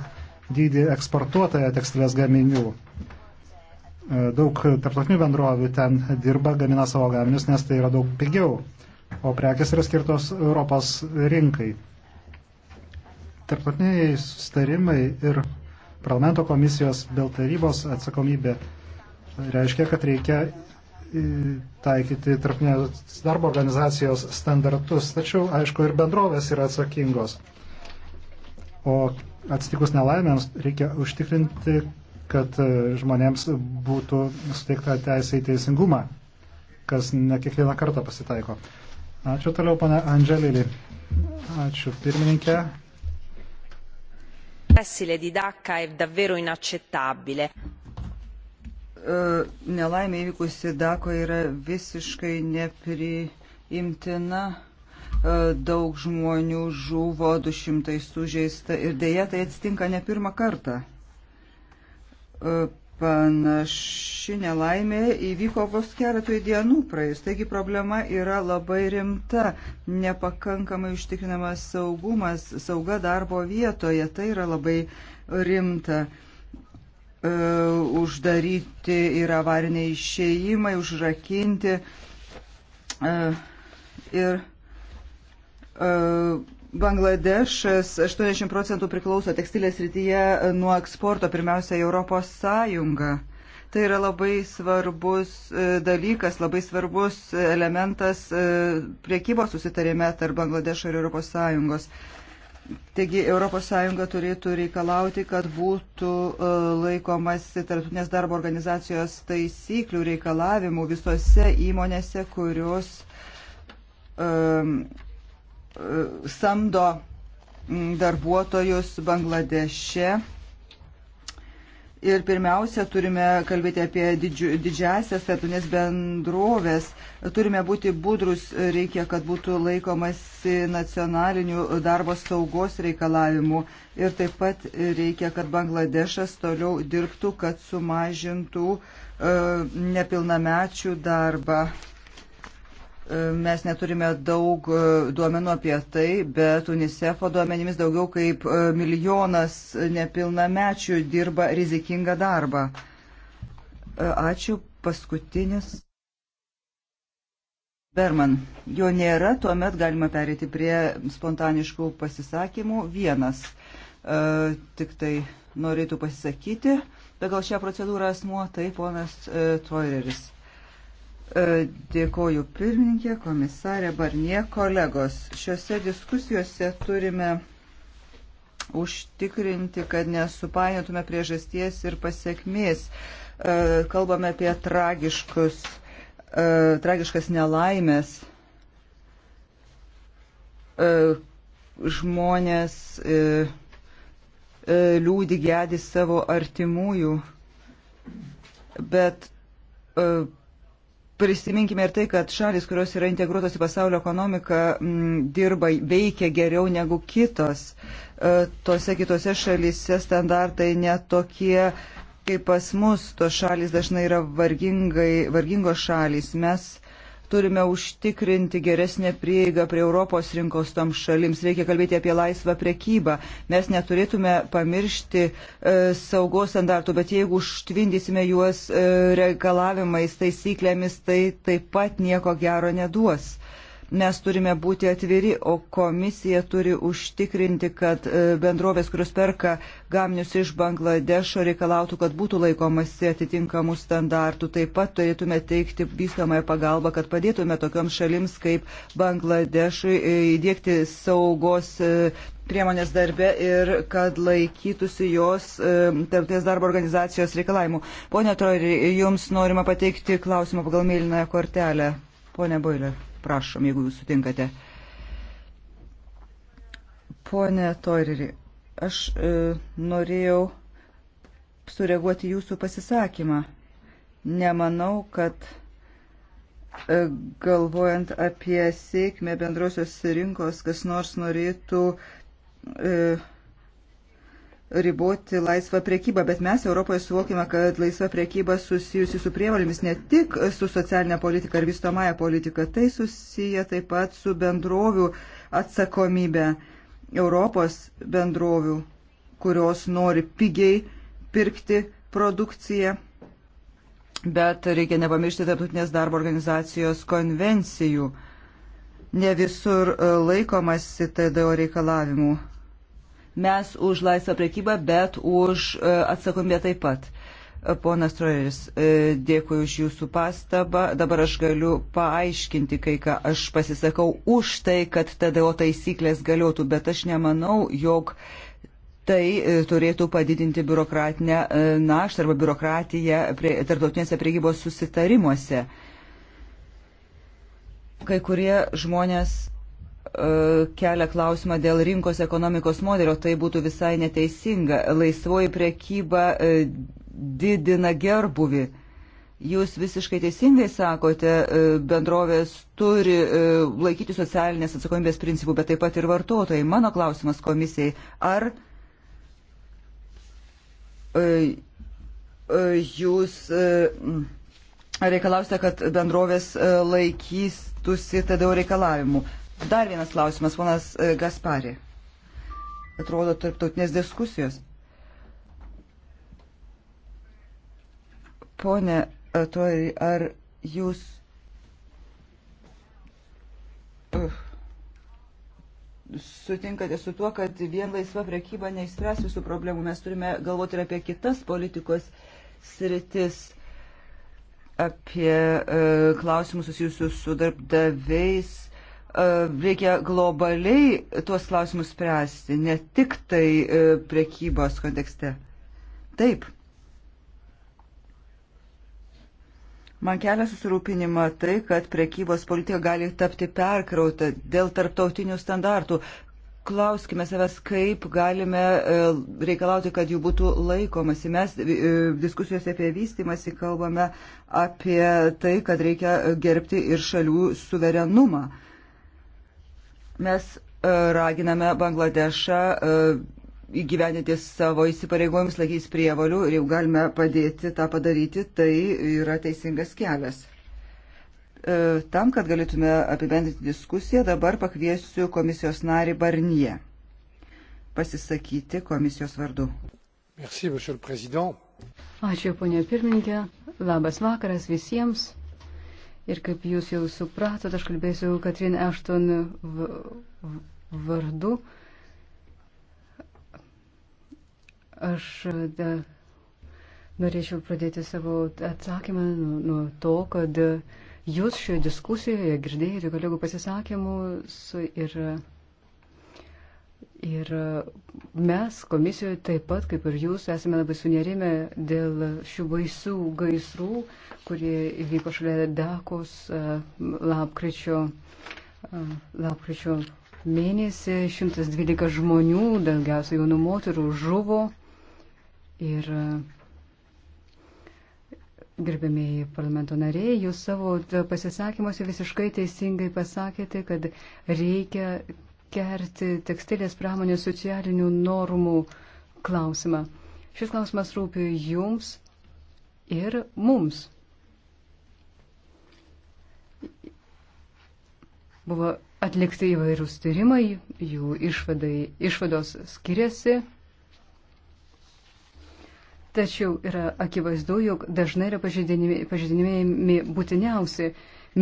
dydį eksportuotoja tekstilės gaminių. E, daug tarptautinių bendrovių ten dirba, gamina savo gaminius, nes tai yra daug pigiau, o prekes yra skirtos Europos rinkai. Tarptautiniai sustarimai ir parlamento komisijos dėl tarybos atsakomybė reiškia, kad reikia taikyti tarpinės darbo organizacijos standartus, tačiau, aišku, ir bendrovės yra atsakingos. O atsitikus nelaimėms reikia užtikrinti, kad e, žmonėms būtų suteikta teisė į teisingumą, kas ne kiekvieną kartą pasitaiko. Ačiū toliau, pane Andželilį. Ačiū pirmininkė. Pressile di Dacca è davvero inaccettabile. E, nelaimė įvykusi Dako yra visiškai nepriimtina. E, daug žmonių žuvo, du šimtai sužeista ir dėja tai atsitinka ne pirmą kartą. E, panaši nelaimė įvyko vos keletui dienų praėjus, taigi problema yra labai rimta, nepakankamai užtikrinamas saugumas, sauga darbo vietoje, tai yra labai rimta. Uh, E, uždaryti ir avariniai išėjimai, užrakinti. E, ir e, Bangladešas 80 procentų priklauso tekstilės rytyje nuo eksporto, pirmiausia, Europos Sąjunga. Tai yra labai svarbus dalykas, labai svarbus elementas priekybos susitarime tarp Bangladešo ir Europos Sąjungos. Taigi ES turėtų reikalauti, kad būtų e, laikomasi tarptautinės darbo organizacijos taisyklių reikalavimų visose įmonėse, kurios um, samdo darbuotojus Bangladeše Ir pirmiausia, turime kalbėti apie didži, didžiasias tarptautinės bendrovės. Turime būti budrus, reikia, kad būtų laikomasi nacionalinių darbo saugos reikalavimų. Ir taip pat reikia, kad Bangladešas toliau dirbtų, kad sumažintų e, nepilnamečių darbą. Mes neturime daug e, duomenų apie tai, bet UNICEF'o duomenimis daugiau kaip e, milijonas nepilnamečių dirba rizikingą darbą. E, ačiū. Paskutinis. Berman, jo nėra, tuomet galima perėti prie spontaniškų pasisakymų. Vienas e, tik tai norėtų pasisakyti. Pagal šią procedūrą asmuo, tai ponas e, Toileris. E, dėkoju pirmininkė, komisarė Barnie, kolegos. Šiuose diskusijose turime užtikrinti, kad nesupainiotume priežasties ir pasiekmės. E, kalbame apie tragiškus, e, tragiškas nelaimės. Žmonės liūdi gedį savo artimųjų, bet Prisiminkime ir tai, kad šalis, kurios yra integruotos į pasaulio ekonomiką, m, mm, dirba, veikia geriau negu kitos. E, tose kitose šalise standartai netokie kaip pas mus, tos šalis dažnai yra vargingai, vargingos šalis. Mes turime užtikrinti geresnę prieigą prie Europos rinkos toms šalims. Reikia kalbėti apie laisvą prekybą. Mes neturėtume pamiršti e, saugos standartų, bet jeigu užtvindysime juos e, reikalavimais, taisyklėmis, tai taip pat nieko gero neduos. E, Mes turime būti atviri, o komisija turi užtikrinti, kad e, bendrovės, kurios perka gaminius iš Bangladešo, reikalautų, kad būtų laikomasi atitinkamų standartų. Taip pat turėtume teikti vystamąją pagalbą, kad padėtume tokioms šalims kaip Bangladešui e, įdėkti saugos e, priemonės darbe ir kad laikytųsi jos tarptautinės darbo organizacijos reikalavimų. Pone Trori, jums norima pateikti klausimą pagal mėlynąją kortelę. Pone Boiler. Prašom, jeigu jūs sutinkate. Pone Toriri, aš e, norėjau sureaguoti jūsų pasisakymą. Nemanau, kad e, galvojant apie sėkmę bendrosios rinkos, kas nors norėtų e, riboti laisvą priekybą, bet mes Europoje suvokime, kad laisva priekyba susijusi su prievalėmis ne tik su socialinė politika ir vystomąją politiką, tai susiję taip pat su bendrovių atsakomybė, Europos bendrovių, kurios nori pigiai pirkti produkciją. Bet reikia nepamiršti Tarptautinės darbo organizacijos konvencijų. Ne visur laikomasi TDO reikalavimų mes už laisvą priekybą, bet už e, atsakomybę taip pat. E, ponas Trojeris, e, dėkui už jūsų pastabą. Dabar aš galiu paaiškinti kai ką. Aš pasisakau už tai, kad TDO taisyklės galiotų, bet aš nemanau, jog tai turėtų padidinti biurokratinę naštą arba biurokratiją prie, tarptautinėse priegybos susitarimuose. Kai kurie žmonės E, kelia klausimą dėl rinkos ekonomikos modelio, tai būtų visai neteisinga. Laisvoji prekyba e, didina gerbuvi. Jūs visiškai teisingai sakote, e, bendrovės turi laikyti socialinės atsakomybės principų, bet taip pat ir vartotojai. Mano klausimas komisijai, ar jūs reikalausite, kad bendrovės laikystusi tada reikalavimų? Dar vienas klausimas, ponas e, Gaspari. Atrodo, tarptautinės diskusijos. Pone Tori, ar jūs. Uh, sutinkate su tuo, kad vien laisva prekyba neįspręs visų problemų. Mes turime galvoti ir apie kitas politikos sritis apie e, klausimus susijusius su darbdaviais, E, reikia globaliai tuos klausimus spręsti, ne tik tai e, prekybos kontekste. Taip. Man kelia susirūpinimą tai, kad prekybos politika gali tapti perkrauta dėl tarptautinių standartų. Klauskime savęs, kaip galime e, reikalauti, kad jų būtų laikomasi. Mes diskusijose apie vystimąsi kalbame apie tai, kad reikia gerbti ir šalių suverenumą. Mes e, raginame Bangladešą e, įgyveninti savo įsipareigojimus, laikys prievalių ir jau galime padėti tą padaryti, tai yra teisingas kelias. E, tam, kad galėtume apibendrinti diskusiją, dabar pakviesiu komisijos narį Barnie pasisakyti komisijos vardu. Merci, Ačiū, ponė pirmininkė. Labas vakaras visiems. Ir kaip jūs jau supratot, aš kalbėsiu Katrin Ešton vardu. Aš da, e, norėčiau pradėti savo atsakymą nuo, nuo to, kad jūs šioje diskusijoje girdėjote kolegų pasisakymus ir. Uh, Ir mes komisijoje taip pat, kaip ir jūs, esame labai sunerime dėl šių baisių gaisrų, kurie įvyko šalia Dakos lapkričio, lapkričio mėnesį. 112 žmonių, daugiausia jaunų moterų, žuvo. Ir Gerbėmiai parlamento nariai, jūs savo pasisakymuose visiškai teisingai pasakėte, kad reikia kerti tekstilės pramonės socialinių normų klausimą. Šis klausimas rūpi jums ir mums. Buvo atlikti įvairūs tyrimai, jų išvadai, išvados skiriasi. Tačiau yra akivaizdu, jog dažnai yra pažydinimi būtiniausi,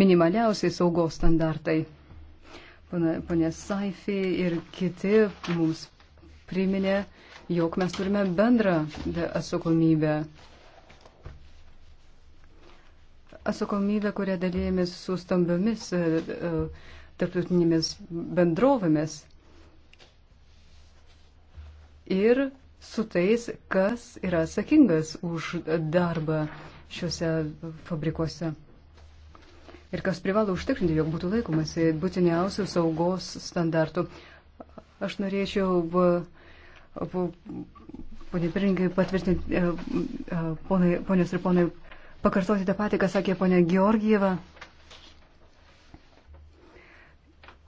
minimaliausiai saugos standartai ponė Saifi ir kiti mums priminė, jog mes turime bendrą atsakomybę. Atsakomybę, kurią dalėjomės su stambiomis e, e, tarptautinėmis bendrovėmis ir su tais, kas yra atsakingas už darbą šiuose fabrikuose ir kas privalo užtikrinti, jog būtų laikomasi būtiniausių saugos standartų. Aš norėčiau, ponė Pirinkai, patvirtinti, e, e, ponai, ponios ir ponai, pakartoti tą patį, ką sakė ponė Georgieva.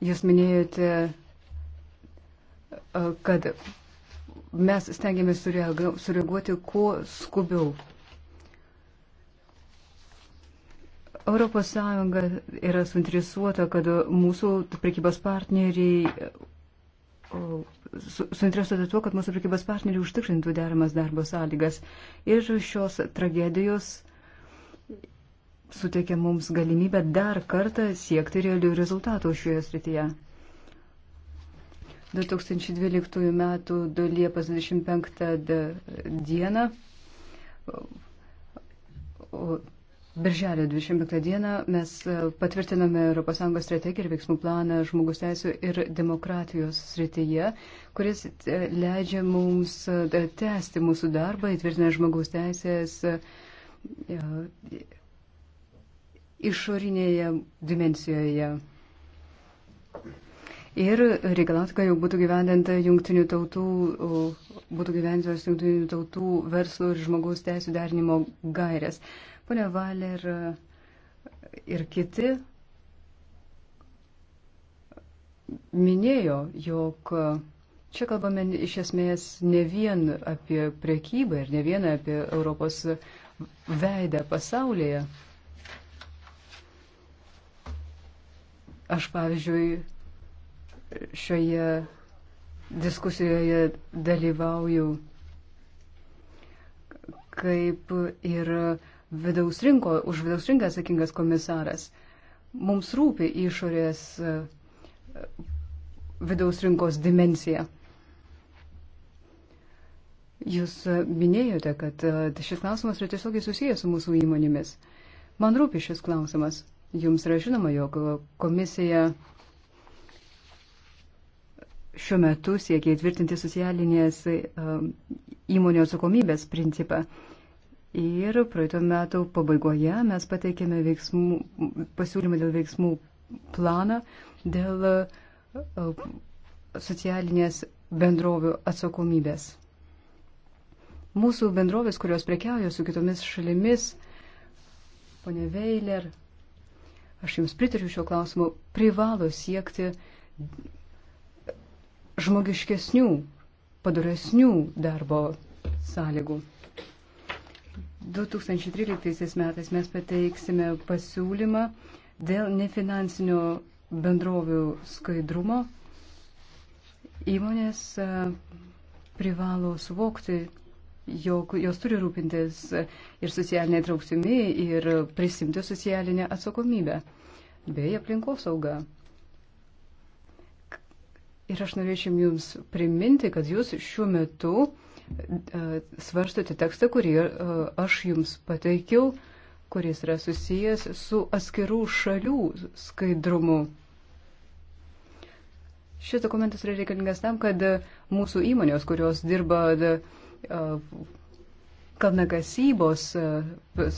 Jūs minėjote, e, kad mes stengiamės sureaguoti kuo skubiau. ES yra suinteresuota, kad mūsų prekybos partneriai suinteresuota tuo, kad mūsų prekybos partneriai užtikrintų deramas darbo sąlygas. Ir šios tragedijos suteikia mums galimybę dar kartą siekti realių rezultatų šioje srityje. 2012 m. Liepos 25 d. dieną Birželio 25 dieną mes e, patvirtinome ES strategiją ir veiksmų planą žmogus teisų ir demokratijos srityje, kuris e, leidžia mums e, tęsti mūsų darbą, įtvirtina žmogus teisės išorinėje dimensijoje. Ir reikalauti, kad jau būtų gyvendinta jungtinių tautų, būtų gyvendintas jungtinių tautų verslo ir žmogaus teisų derinimo gairės ponia Valer ir kiti minėjo, jog čia kalbame iš esmės ne vien apie priekybą ir ne vien apie Europos veidą pasaulyje. Aš, pavyzdžiui, šioje diskusijoje dalyvauju kaip ir uh, vidaus rinko, už vidaus rinką atsakingas komisaras. Mums rūpi išorės e, vidaus rinkos dimensija. Jūs minėjote, kad e, šis klausimas yra tiesiogiai susijęs su mūsų įmonėmis. Man rūpi šis klausimas. Jums yra žinoma, jog komisija šiuo metu siekia įtvirtinti socialinės e, įmonių atsakomybės principą. Ir praeito metų pabaigoje mes pateikėme veiksmų, pasiūlymą dėl veiksmų planą, dėl e, socialinės bendrovių atsakomybės. Mūsų bendrovės, kurios prekiauja su kitomis šalimis, ponė Veiler, aš Jums pritariu šiuo klausimu, privalo siekti žmogiškesnių, padaresnių darbo sąlygų. 2013 metais mes pateiksime pasiūlymą dėl nefinansinio bendrovių skaidrumo. Įmonės privalo suvokti, jog jos turi rūpintis ir socialinė trauksimi, ir prisimti socialinę atsakomybę, bei aplinkosaugą. Ir aš norėčiau Jums priminti, kad Jūs šiuo metu svarstote tekstą, kurį e, aš jums pateikiau, kuris yra susijęs su atskirų šalių skaidrumu. Šis dokumentas yra reikalingas tam, kad mūsų įmonės, kurios dirba e, kalnakasybos e,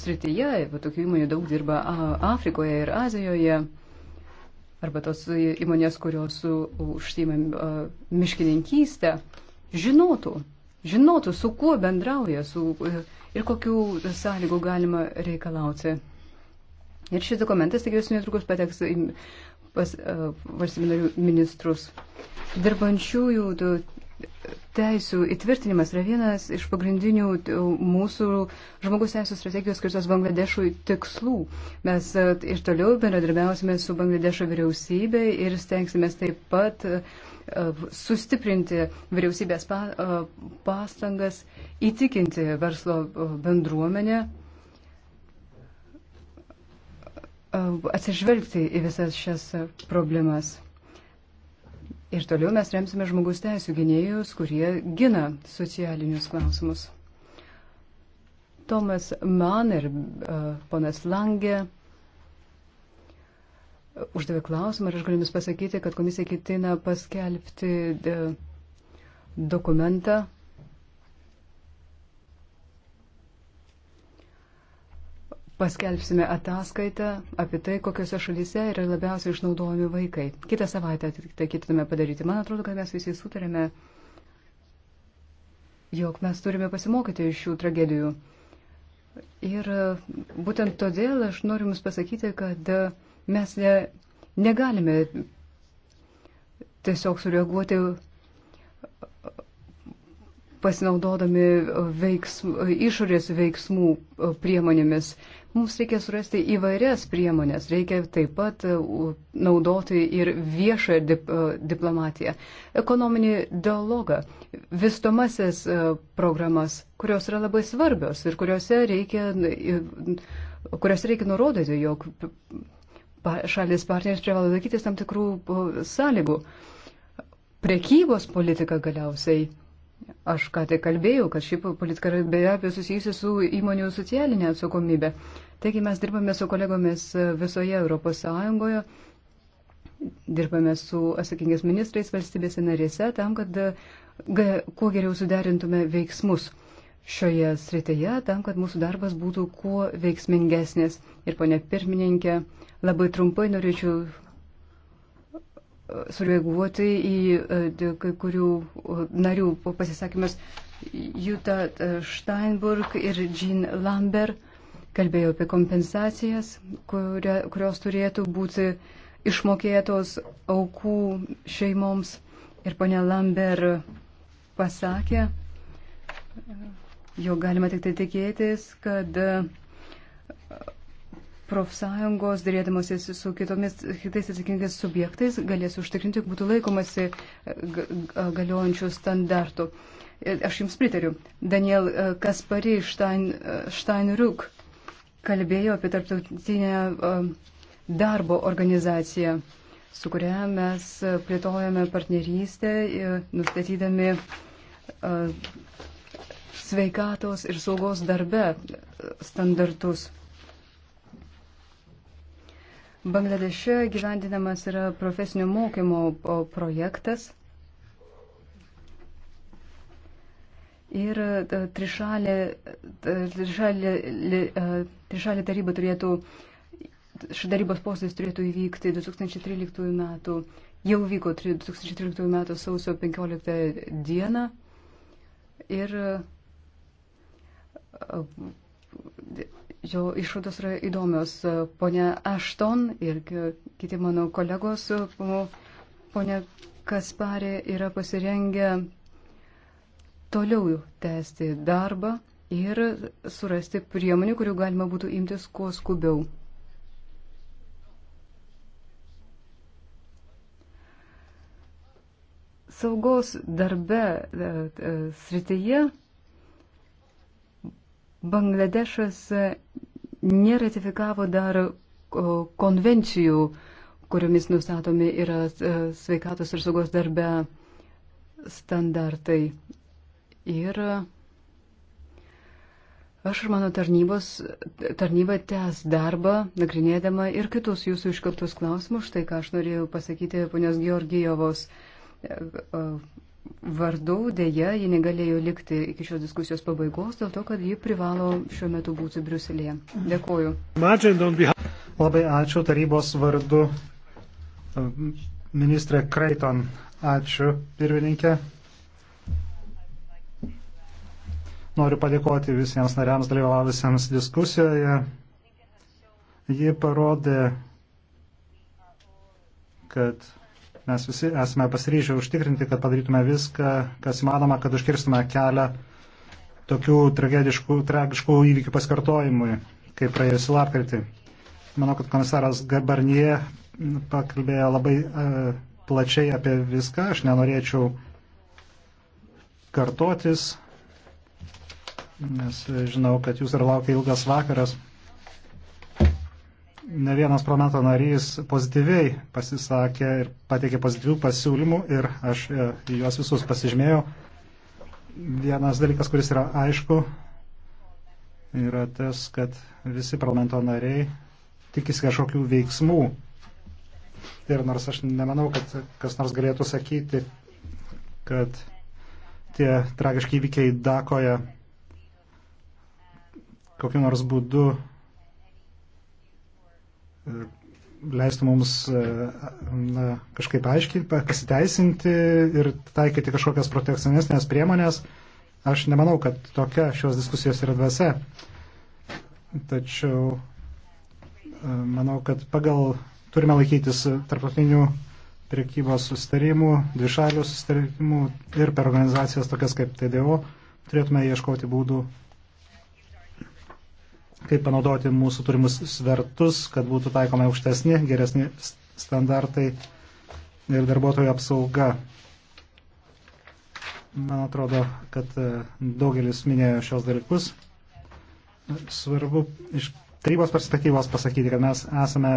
srityje, tokių įmonių daug dirba Afrikoje ir Azijoje, arba tos įmonės, kurios užsima miškininkystę, žinotų, žinotų, su kuo bendrauja su, e, ir kokių sąlygų galima reikalauti. Ir šis dokumentas, tikiuosi, netrukus pateks pas e, valstybinarių ministrus. Dirbančiųjų teisų įtvirtinimas yra vienas iš pagrindinių mūsų žmogus teisų strategijos skirtos Bangladešui tikslų. Mes e, ir toliau bendradarbiausime su Bangladešo vyriausybė ir stengsime taip pat uh, sustiprinti vyriausybės e, pastangas, įtikinti verslo e, bendruomenę, e, atsižvelgti į visas šias problemas. Ir toliau mes remsime žmogus teisų gynėjus, kurie gina socialinius klausimus. Tomas Man ir uh, ponas Langė uždavė klausimą ir aš galiu Jums pasakyti, kad komisija ketina paskelbti e, dokumentą. Paskelbsime ataskaitą apie tai, kokiuose šalyse yra labiausiai išnaudojami vaikai. Kitą savaitę tai, tai ketiname padaryti. Man atrodo, kad mes visi sutarėme, jog mes turime pasimokyti iš šių tragedijų. Ir e, būtent todėl aš noriu Jums pasakyti, kad uh, Mes ne, negalime tiesiog sureaguoti pasinaudodami veiksm, išorės veiksmų priemonėmis. Mums reikia surasti įvairias priemonės, reikia taip pat e, naudoti ir viešą dip, e, diplomatiją, ekonominį dialogą, vystomasias e, programas, kurios yra labai svarbios ir kuriuose reikia, kuriuose reikia nurodyti, jog šalis partneris privalo laikytis tam tikrų sąlygų. Prekybos politika galiausiai. Aš ką tai kalbėjau, kad ši politika yra beje apie susijusi su įmonių socialinė atsakomybė. Taigi mes dirbame su kolegomis visoje Europos Sąjungoje, dirbame su atsakingais ministrais valstybėse narėse tam, kad kuo geriau suderintume veiksmus šioje srityje, tam, kad mūsų darbas būtų kuo veiksmingesnis. Ir ponė pirmininkė, labai trumpai norėčiau e, sureaguoti į e, kai kurių e, narių pasisakymus. Jutta Steinburg ir Jean Lambert kalbėjo apie kompensacijas, kuria, kurios turėtų būti išmokėtos aukų šeimoms. Ir ponė Lambert pasakė, jo galima tik tai tikėtis, kad e, profsąjungos, dėrėdamosis su kitomis kitais atsakingais subjektais, galės užtikrinti, kad būtų laikomasi e, galiojančių standartų. E, aš Jums pritariu. Daniel Kaspari Štain, Štainriuk kalbėjo apie tarptautinę darbo organizaciją, su kuria mes plėtojame partnerystę, nustatydami sveikatos ir saugos darbe standartus. Bangladeše gyvendinamas yra profesinio mokymo projektas. Ir e, trišalė, e, trišalė, e, trišalė taryba turėtų, ši darybos posėdis turėtų įvykti 2013 metų, jau vyko 2013 metų sausio 15 dieną. Ir jo išvados yra įdomios. Pone Ašton ir kiti mano kolegos, pone Kasparė yra pasirengę toliau tęsti darbą ir surasti priemonių, kurių galima būtų imtis kuo skubiau. Saugos darbe e, e, srityje Bangladešas neratifikavo dar konvencijų, kuriomis nustatomi yra e, sveikatos ir saugos darbe standartai. Ir aš ir mano tarnybos, tarnyba tęs darbą, nagrinėdama ir kitus jūsų iškeltus klausimus, štai ką aš norėjau pasakyti ponios Georgijovos e, e, vardu, dėja, ji negalėjo likti iki šios diskusijos pabaigos, dėl to, kad ji privalo šiuo metu būti Briuselėje. Dėkoju. Labai ačiū tarybos vardu ministrė Kreiton. Ačiū, pirmininkė. Noriu padėkoti visiems nariams dalyvavusiems diskusijoje. Ji parodė, kad Mes visi esame pasiryžę užtikrinti, kad padarytume viską, kas įmanoma, kad užkirstume kelią tokių tragediškų, tragiškų įvykių paskartojimui, kaip praėjusį lapkritį. Manau, kad komisaras Gabarnie pakalbėjo labai e, plačiai apie viską. Aš nenorėčiau kartotis, nes žinau, kad jūs dar laukia ilgas vakaras ne vienas pro NATO narys pozityviai pasisakė ir pateikė pozityvių pasiūlymų ir aš e, juos visus pasižymėjau. Vienas dalykas, kuris yra aišku, yra tas, kad visi parlamento nariai tikisi kažkokių veiksmų. Ir nors aš nemanau, kad kas nors galėtų sakyti, kad tie tragiški įvykiai Dakoje kokiu nors būdu leistų mums e, na, kažkaip aiškiai pasiteisinti ir taikyti kažkokias protekcionistinės priemonės. Aš nemanau, kad tokia šios diskusijos yra dvasia. Tačiau e, manau, kad pagal turime laikytis tarptautinių priekybos sustarimų, dvišalių sustarimų ir per organizacijas tokias kaip TDO turėtume ieškoti būdų kaip panaudoti mūsų turimus svertus, kad būtų taikoma aukštesni, geresni standartai ir darbuotojų apsauga. Man atrodo, kad e, daugelis minėjo šios dalykus. Svarbu iš tarybos perspektyvos pasakyti, kad mes esame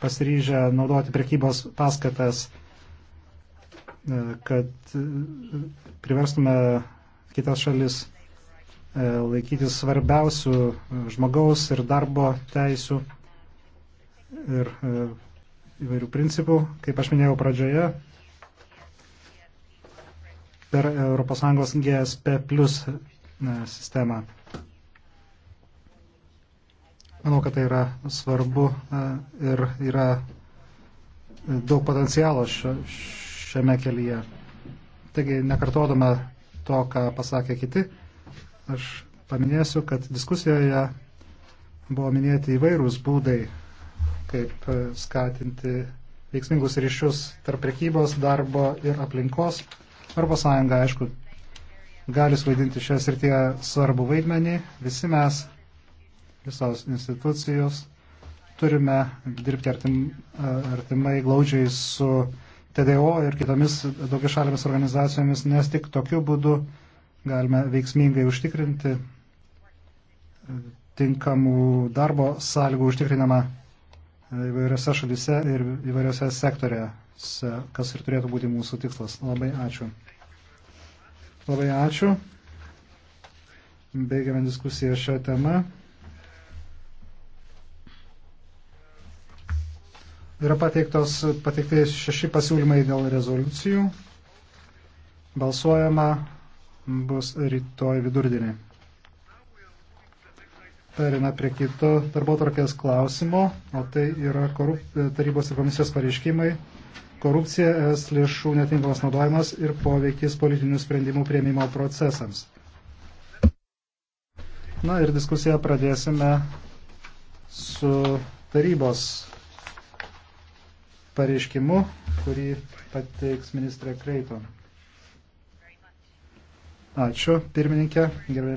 pasiryžę naudoti prekybos paskatas, e, kad e, priverstume kitas šalis E, laikytis svarbiausių žmogaus ir darbo teisų ir e, įvairių principų. Kaip aš minėjau pradžioje, per ES GSP plus e, sistemą. Manau, kad tai yra svarbu ir yra daug potencialo šiame kelyje. Taigi, nekartodama to, ką pasakė kiti, Aš paminėsiu, kad diskusijoje buvo minėti įvairūs būdai, kaip e, skatinti veiksmingus ryšius tarp prekybos, darbo ir aplinkos. Europos Sąjunga, aišku, gali suvaidinti šią srityje svarbų vaidmenį. Visi mes, visos institucijos, turime dirbti artim, e, artimai glaudžiai su TDO ir kitomis daugiašalėmis organizacijomis, nes tik tokiu būdu galime veiksmingai užtikrinti e, tinkamų darbo sąlygų užtikrinimą e, įvairiose šalise ir įvairiose sektorėse, kas ir turėtų būti mūsų tikslas. Labai ačiū. Labai ačiū. Baigiame diskusiją šią temą. Yra pateiktos, pateikti šeši pasiūlymai dėl rezoliucijų. Balsuojama bus rytoj vidurdienį. Perina prie kito darbo tvarkės klausimo, o tai yra korup... tarybos ir komisijos pareiškimai, korupcija, es lėšų netinkamas naudojimas ir poveikis politinių sprendimų prieimimo procesams. Na ir diskusiją pradėsime su tarybos pareiškimu, kurį pateiks ministrė Kreiton. Ačiū, pirmininkė, gerbėjai.